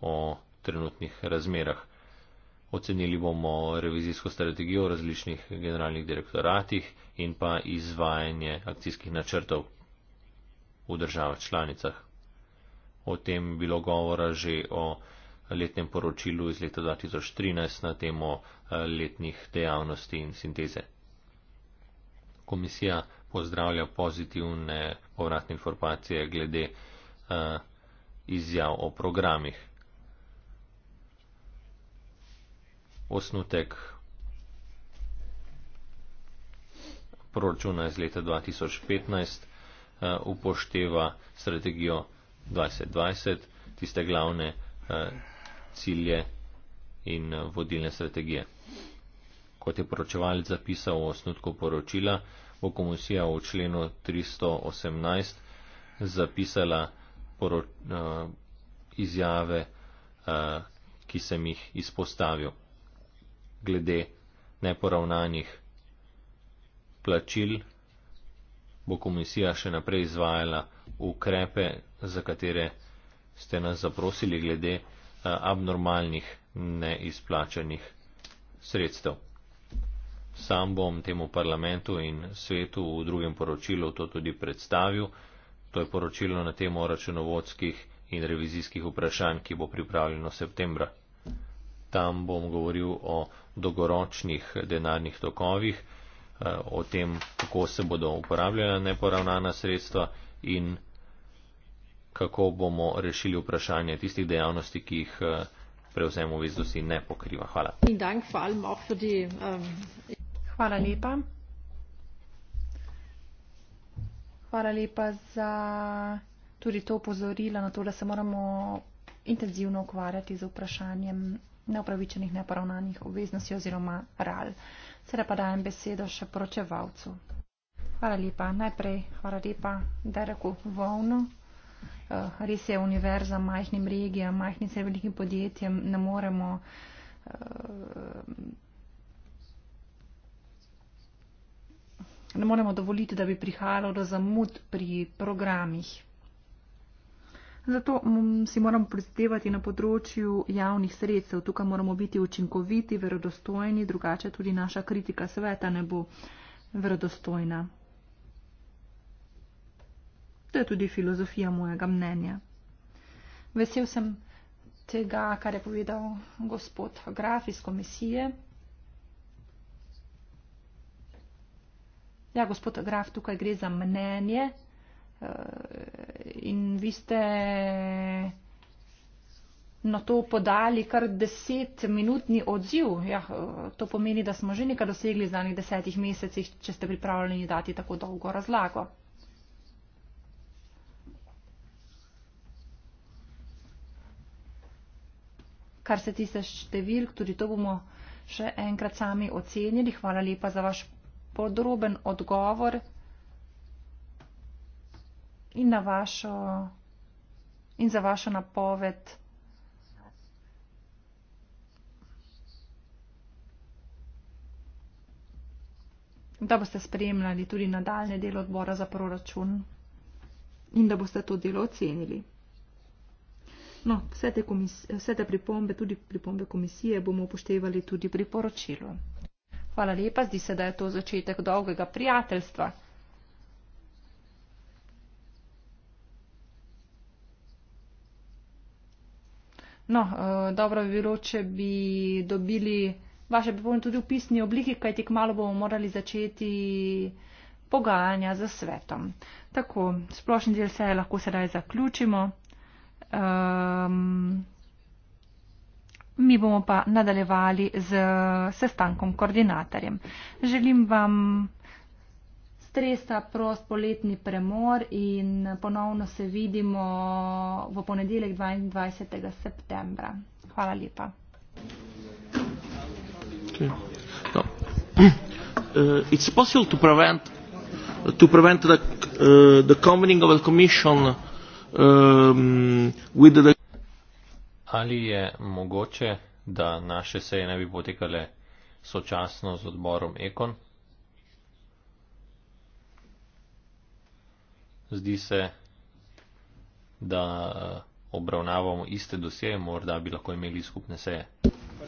o trenutnih razmerah. Ocenili bomo revizijsko strategijo v različnih generalnih direktoratih in pa izvajanje akcijskih načrtov v državah članicah. O tem bilo govora že o letnem poročilu iz leta 2013 na temo eh, letnih dejavnosti in sinteze. Komisija pozdravlja pozitivne povratne informacije glede uh, izjav o programih. Osnutek proračuna iz leta 2015 uh, eh, upošteva strategijo 2020, tiste glavne uh, cilje in vodilne strategije. Kot je poročevalec zapisal v osnutku poročila, uh, bo komisija v členu 318 zapisala poro, uh, izjave, uh, ki sem jih izpostavil glede neporavnanih plačil. Bo komisija še naprej izvajala ukrepe, za katere ste nas zaprosili glede eh, abnormalnih neizplačanih sredstev. Sam bom temu parlamentu in svetu v drugem poročilu to tudi predstavil. To je poročilo na temo računovodskih in revizijskih vprašanj, ki bo pripravljeno septembra. Tam bom govoril o dolgoročnih denarnih tokovih, eh, o tem, kako se bodo uporabljala neporavnana sredstva in kako bomo rešili vprašanje tistih dejavnosti, ki jih eh, prevzemo v izdosti ne pokriva. Hvala. In dank, hvala, Hvala lepa. Hvala lepa za tudi to upozorilo na to, da se moramo intenzivno ukvarjati z vprašanjem neupravičenih, neporavnanih obveznosti oziroma RAL. Sedaj pa dajem besedo še poročevalcu. Hvala lepa. Najprej hvala lepa Dereku Volnu. Eh, res je univerza majhnim regijam, majhnim se velikim podjetjem, ne moremo eh, ne moremo dovoliti, da bi prihajalo do zamud pri programih. Zato si moramo predstavljati na področju javnih sredstev. Tukaj moramo biti učinkoviti, verodostojni, drugače tudi naša kritika sveta ne bo verodostojna. To je tudi filozofija mojega mnenja. Vesel sem tega, kar je povedal gospod Graf iz komisije. Ja, gospod Graf, tukaj gre za mnenje eh, in vi ste na to podali kar desetminutni odziv. Ja, eh, to pomeni, da smo že nekaj dosegli v zadnjih desetih mesecih, če ste pripravljeni dati tako dolgo razlago. Kar se tiče številk, tudi to bomo še enkrat sami ocenili. Hvala lepa za vaš podroben odgovor in, na vašo, in za vašo napoved. da boste spremljali tudi nadaljne delo odbora za proračun in da boste to delo ocenili. No, vse, te komis, vse te pripombe, tudi pripombe komisije, bomo upoštevali tudi pri poročilu. Hvala lepa, zdi se, da je to začetek dolgega prijateljstva. No, eh, dobro bi bilo, če bi dobili vaše pripombe tudi v pisni obliki, kajti kmalo bomo morali začeti pogajanja za svetom. Tako, splošni del se lahko sedaj zaključimo. Um, mi bomo pa nadaljevali z sestankom koordinatorjem. Želim vam stresa, prost poletni premor in ponovno se vidimo v ponedeljek 22. septembra. Hvala lepa. No. Eh, it's possible to prevent, to prevent the, uh, the convening of the commission um, with the Ali je mogoče, da naše seje ne bi potekale sočasno z odborom Ekon? Zdi se, da eh, obravnavamo iste dosjeje, morda bi lahko imeli skupne seje. Uh,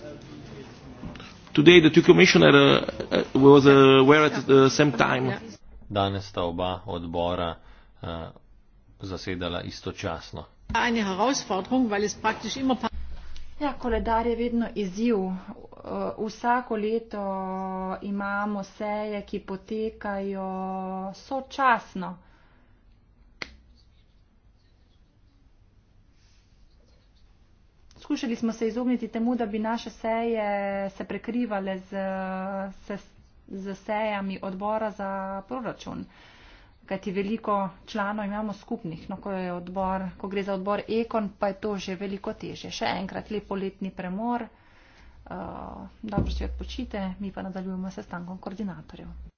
uh, uh, Danes sta oba odbora uh, zasedala istočasno eine Herausforderung, weil es praktisch immer. Ja, koledar je vedno izziv. Eh, vsako leto imamo seje, ki potekajo sočasno. Skušali smo se izogniti temu, da bi naše seje se prekrivale z, z, z sejami odbora za proračun. Uh, kajti veliko članov imamo skupnih. No, ko, odbor, ko gre za odbor Ekon, pa je to že veliko teže. Še enkrat lepo letni premor, uh, dobro si odpočite, mi pa nadaljujemo s sestankom koordinatorjev.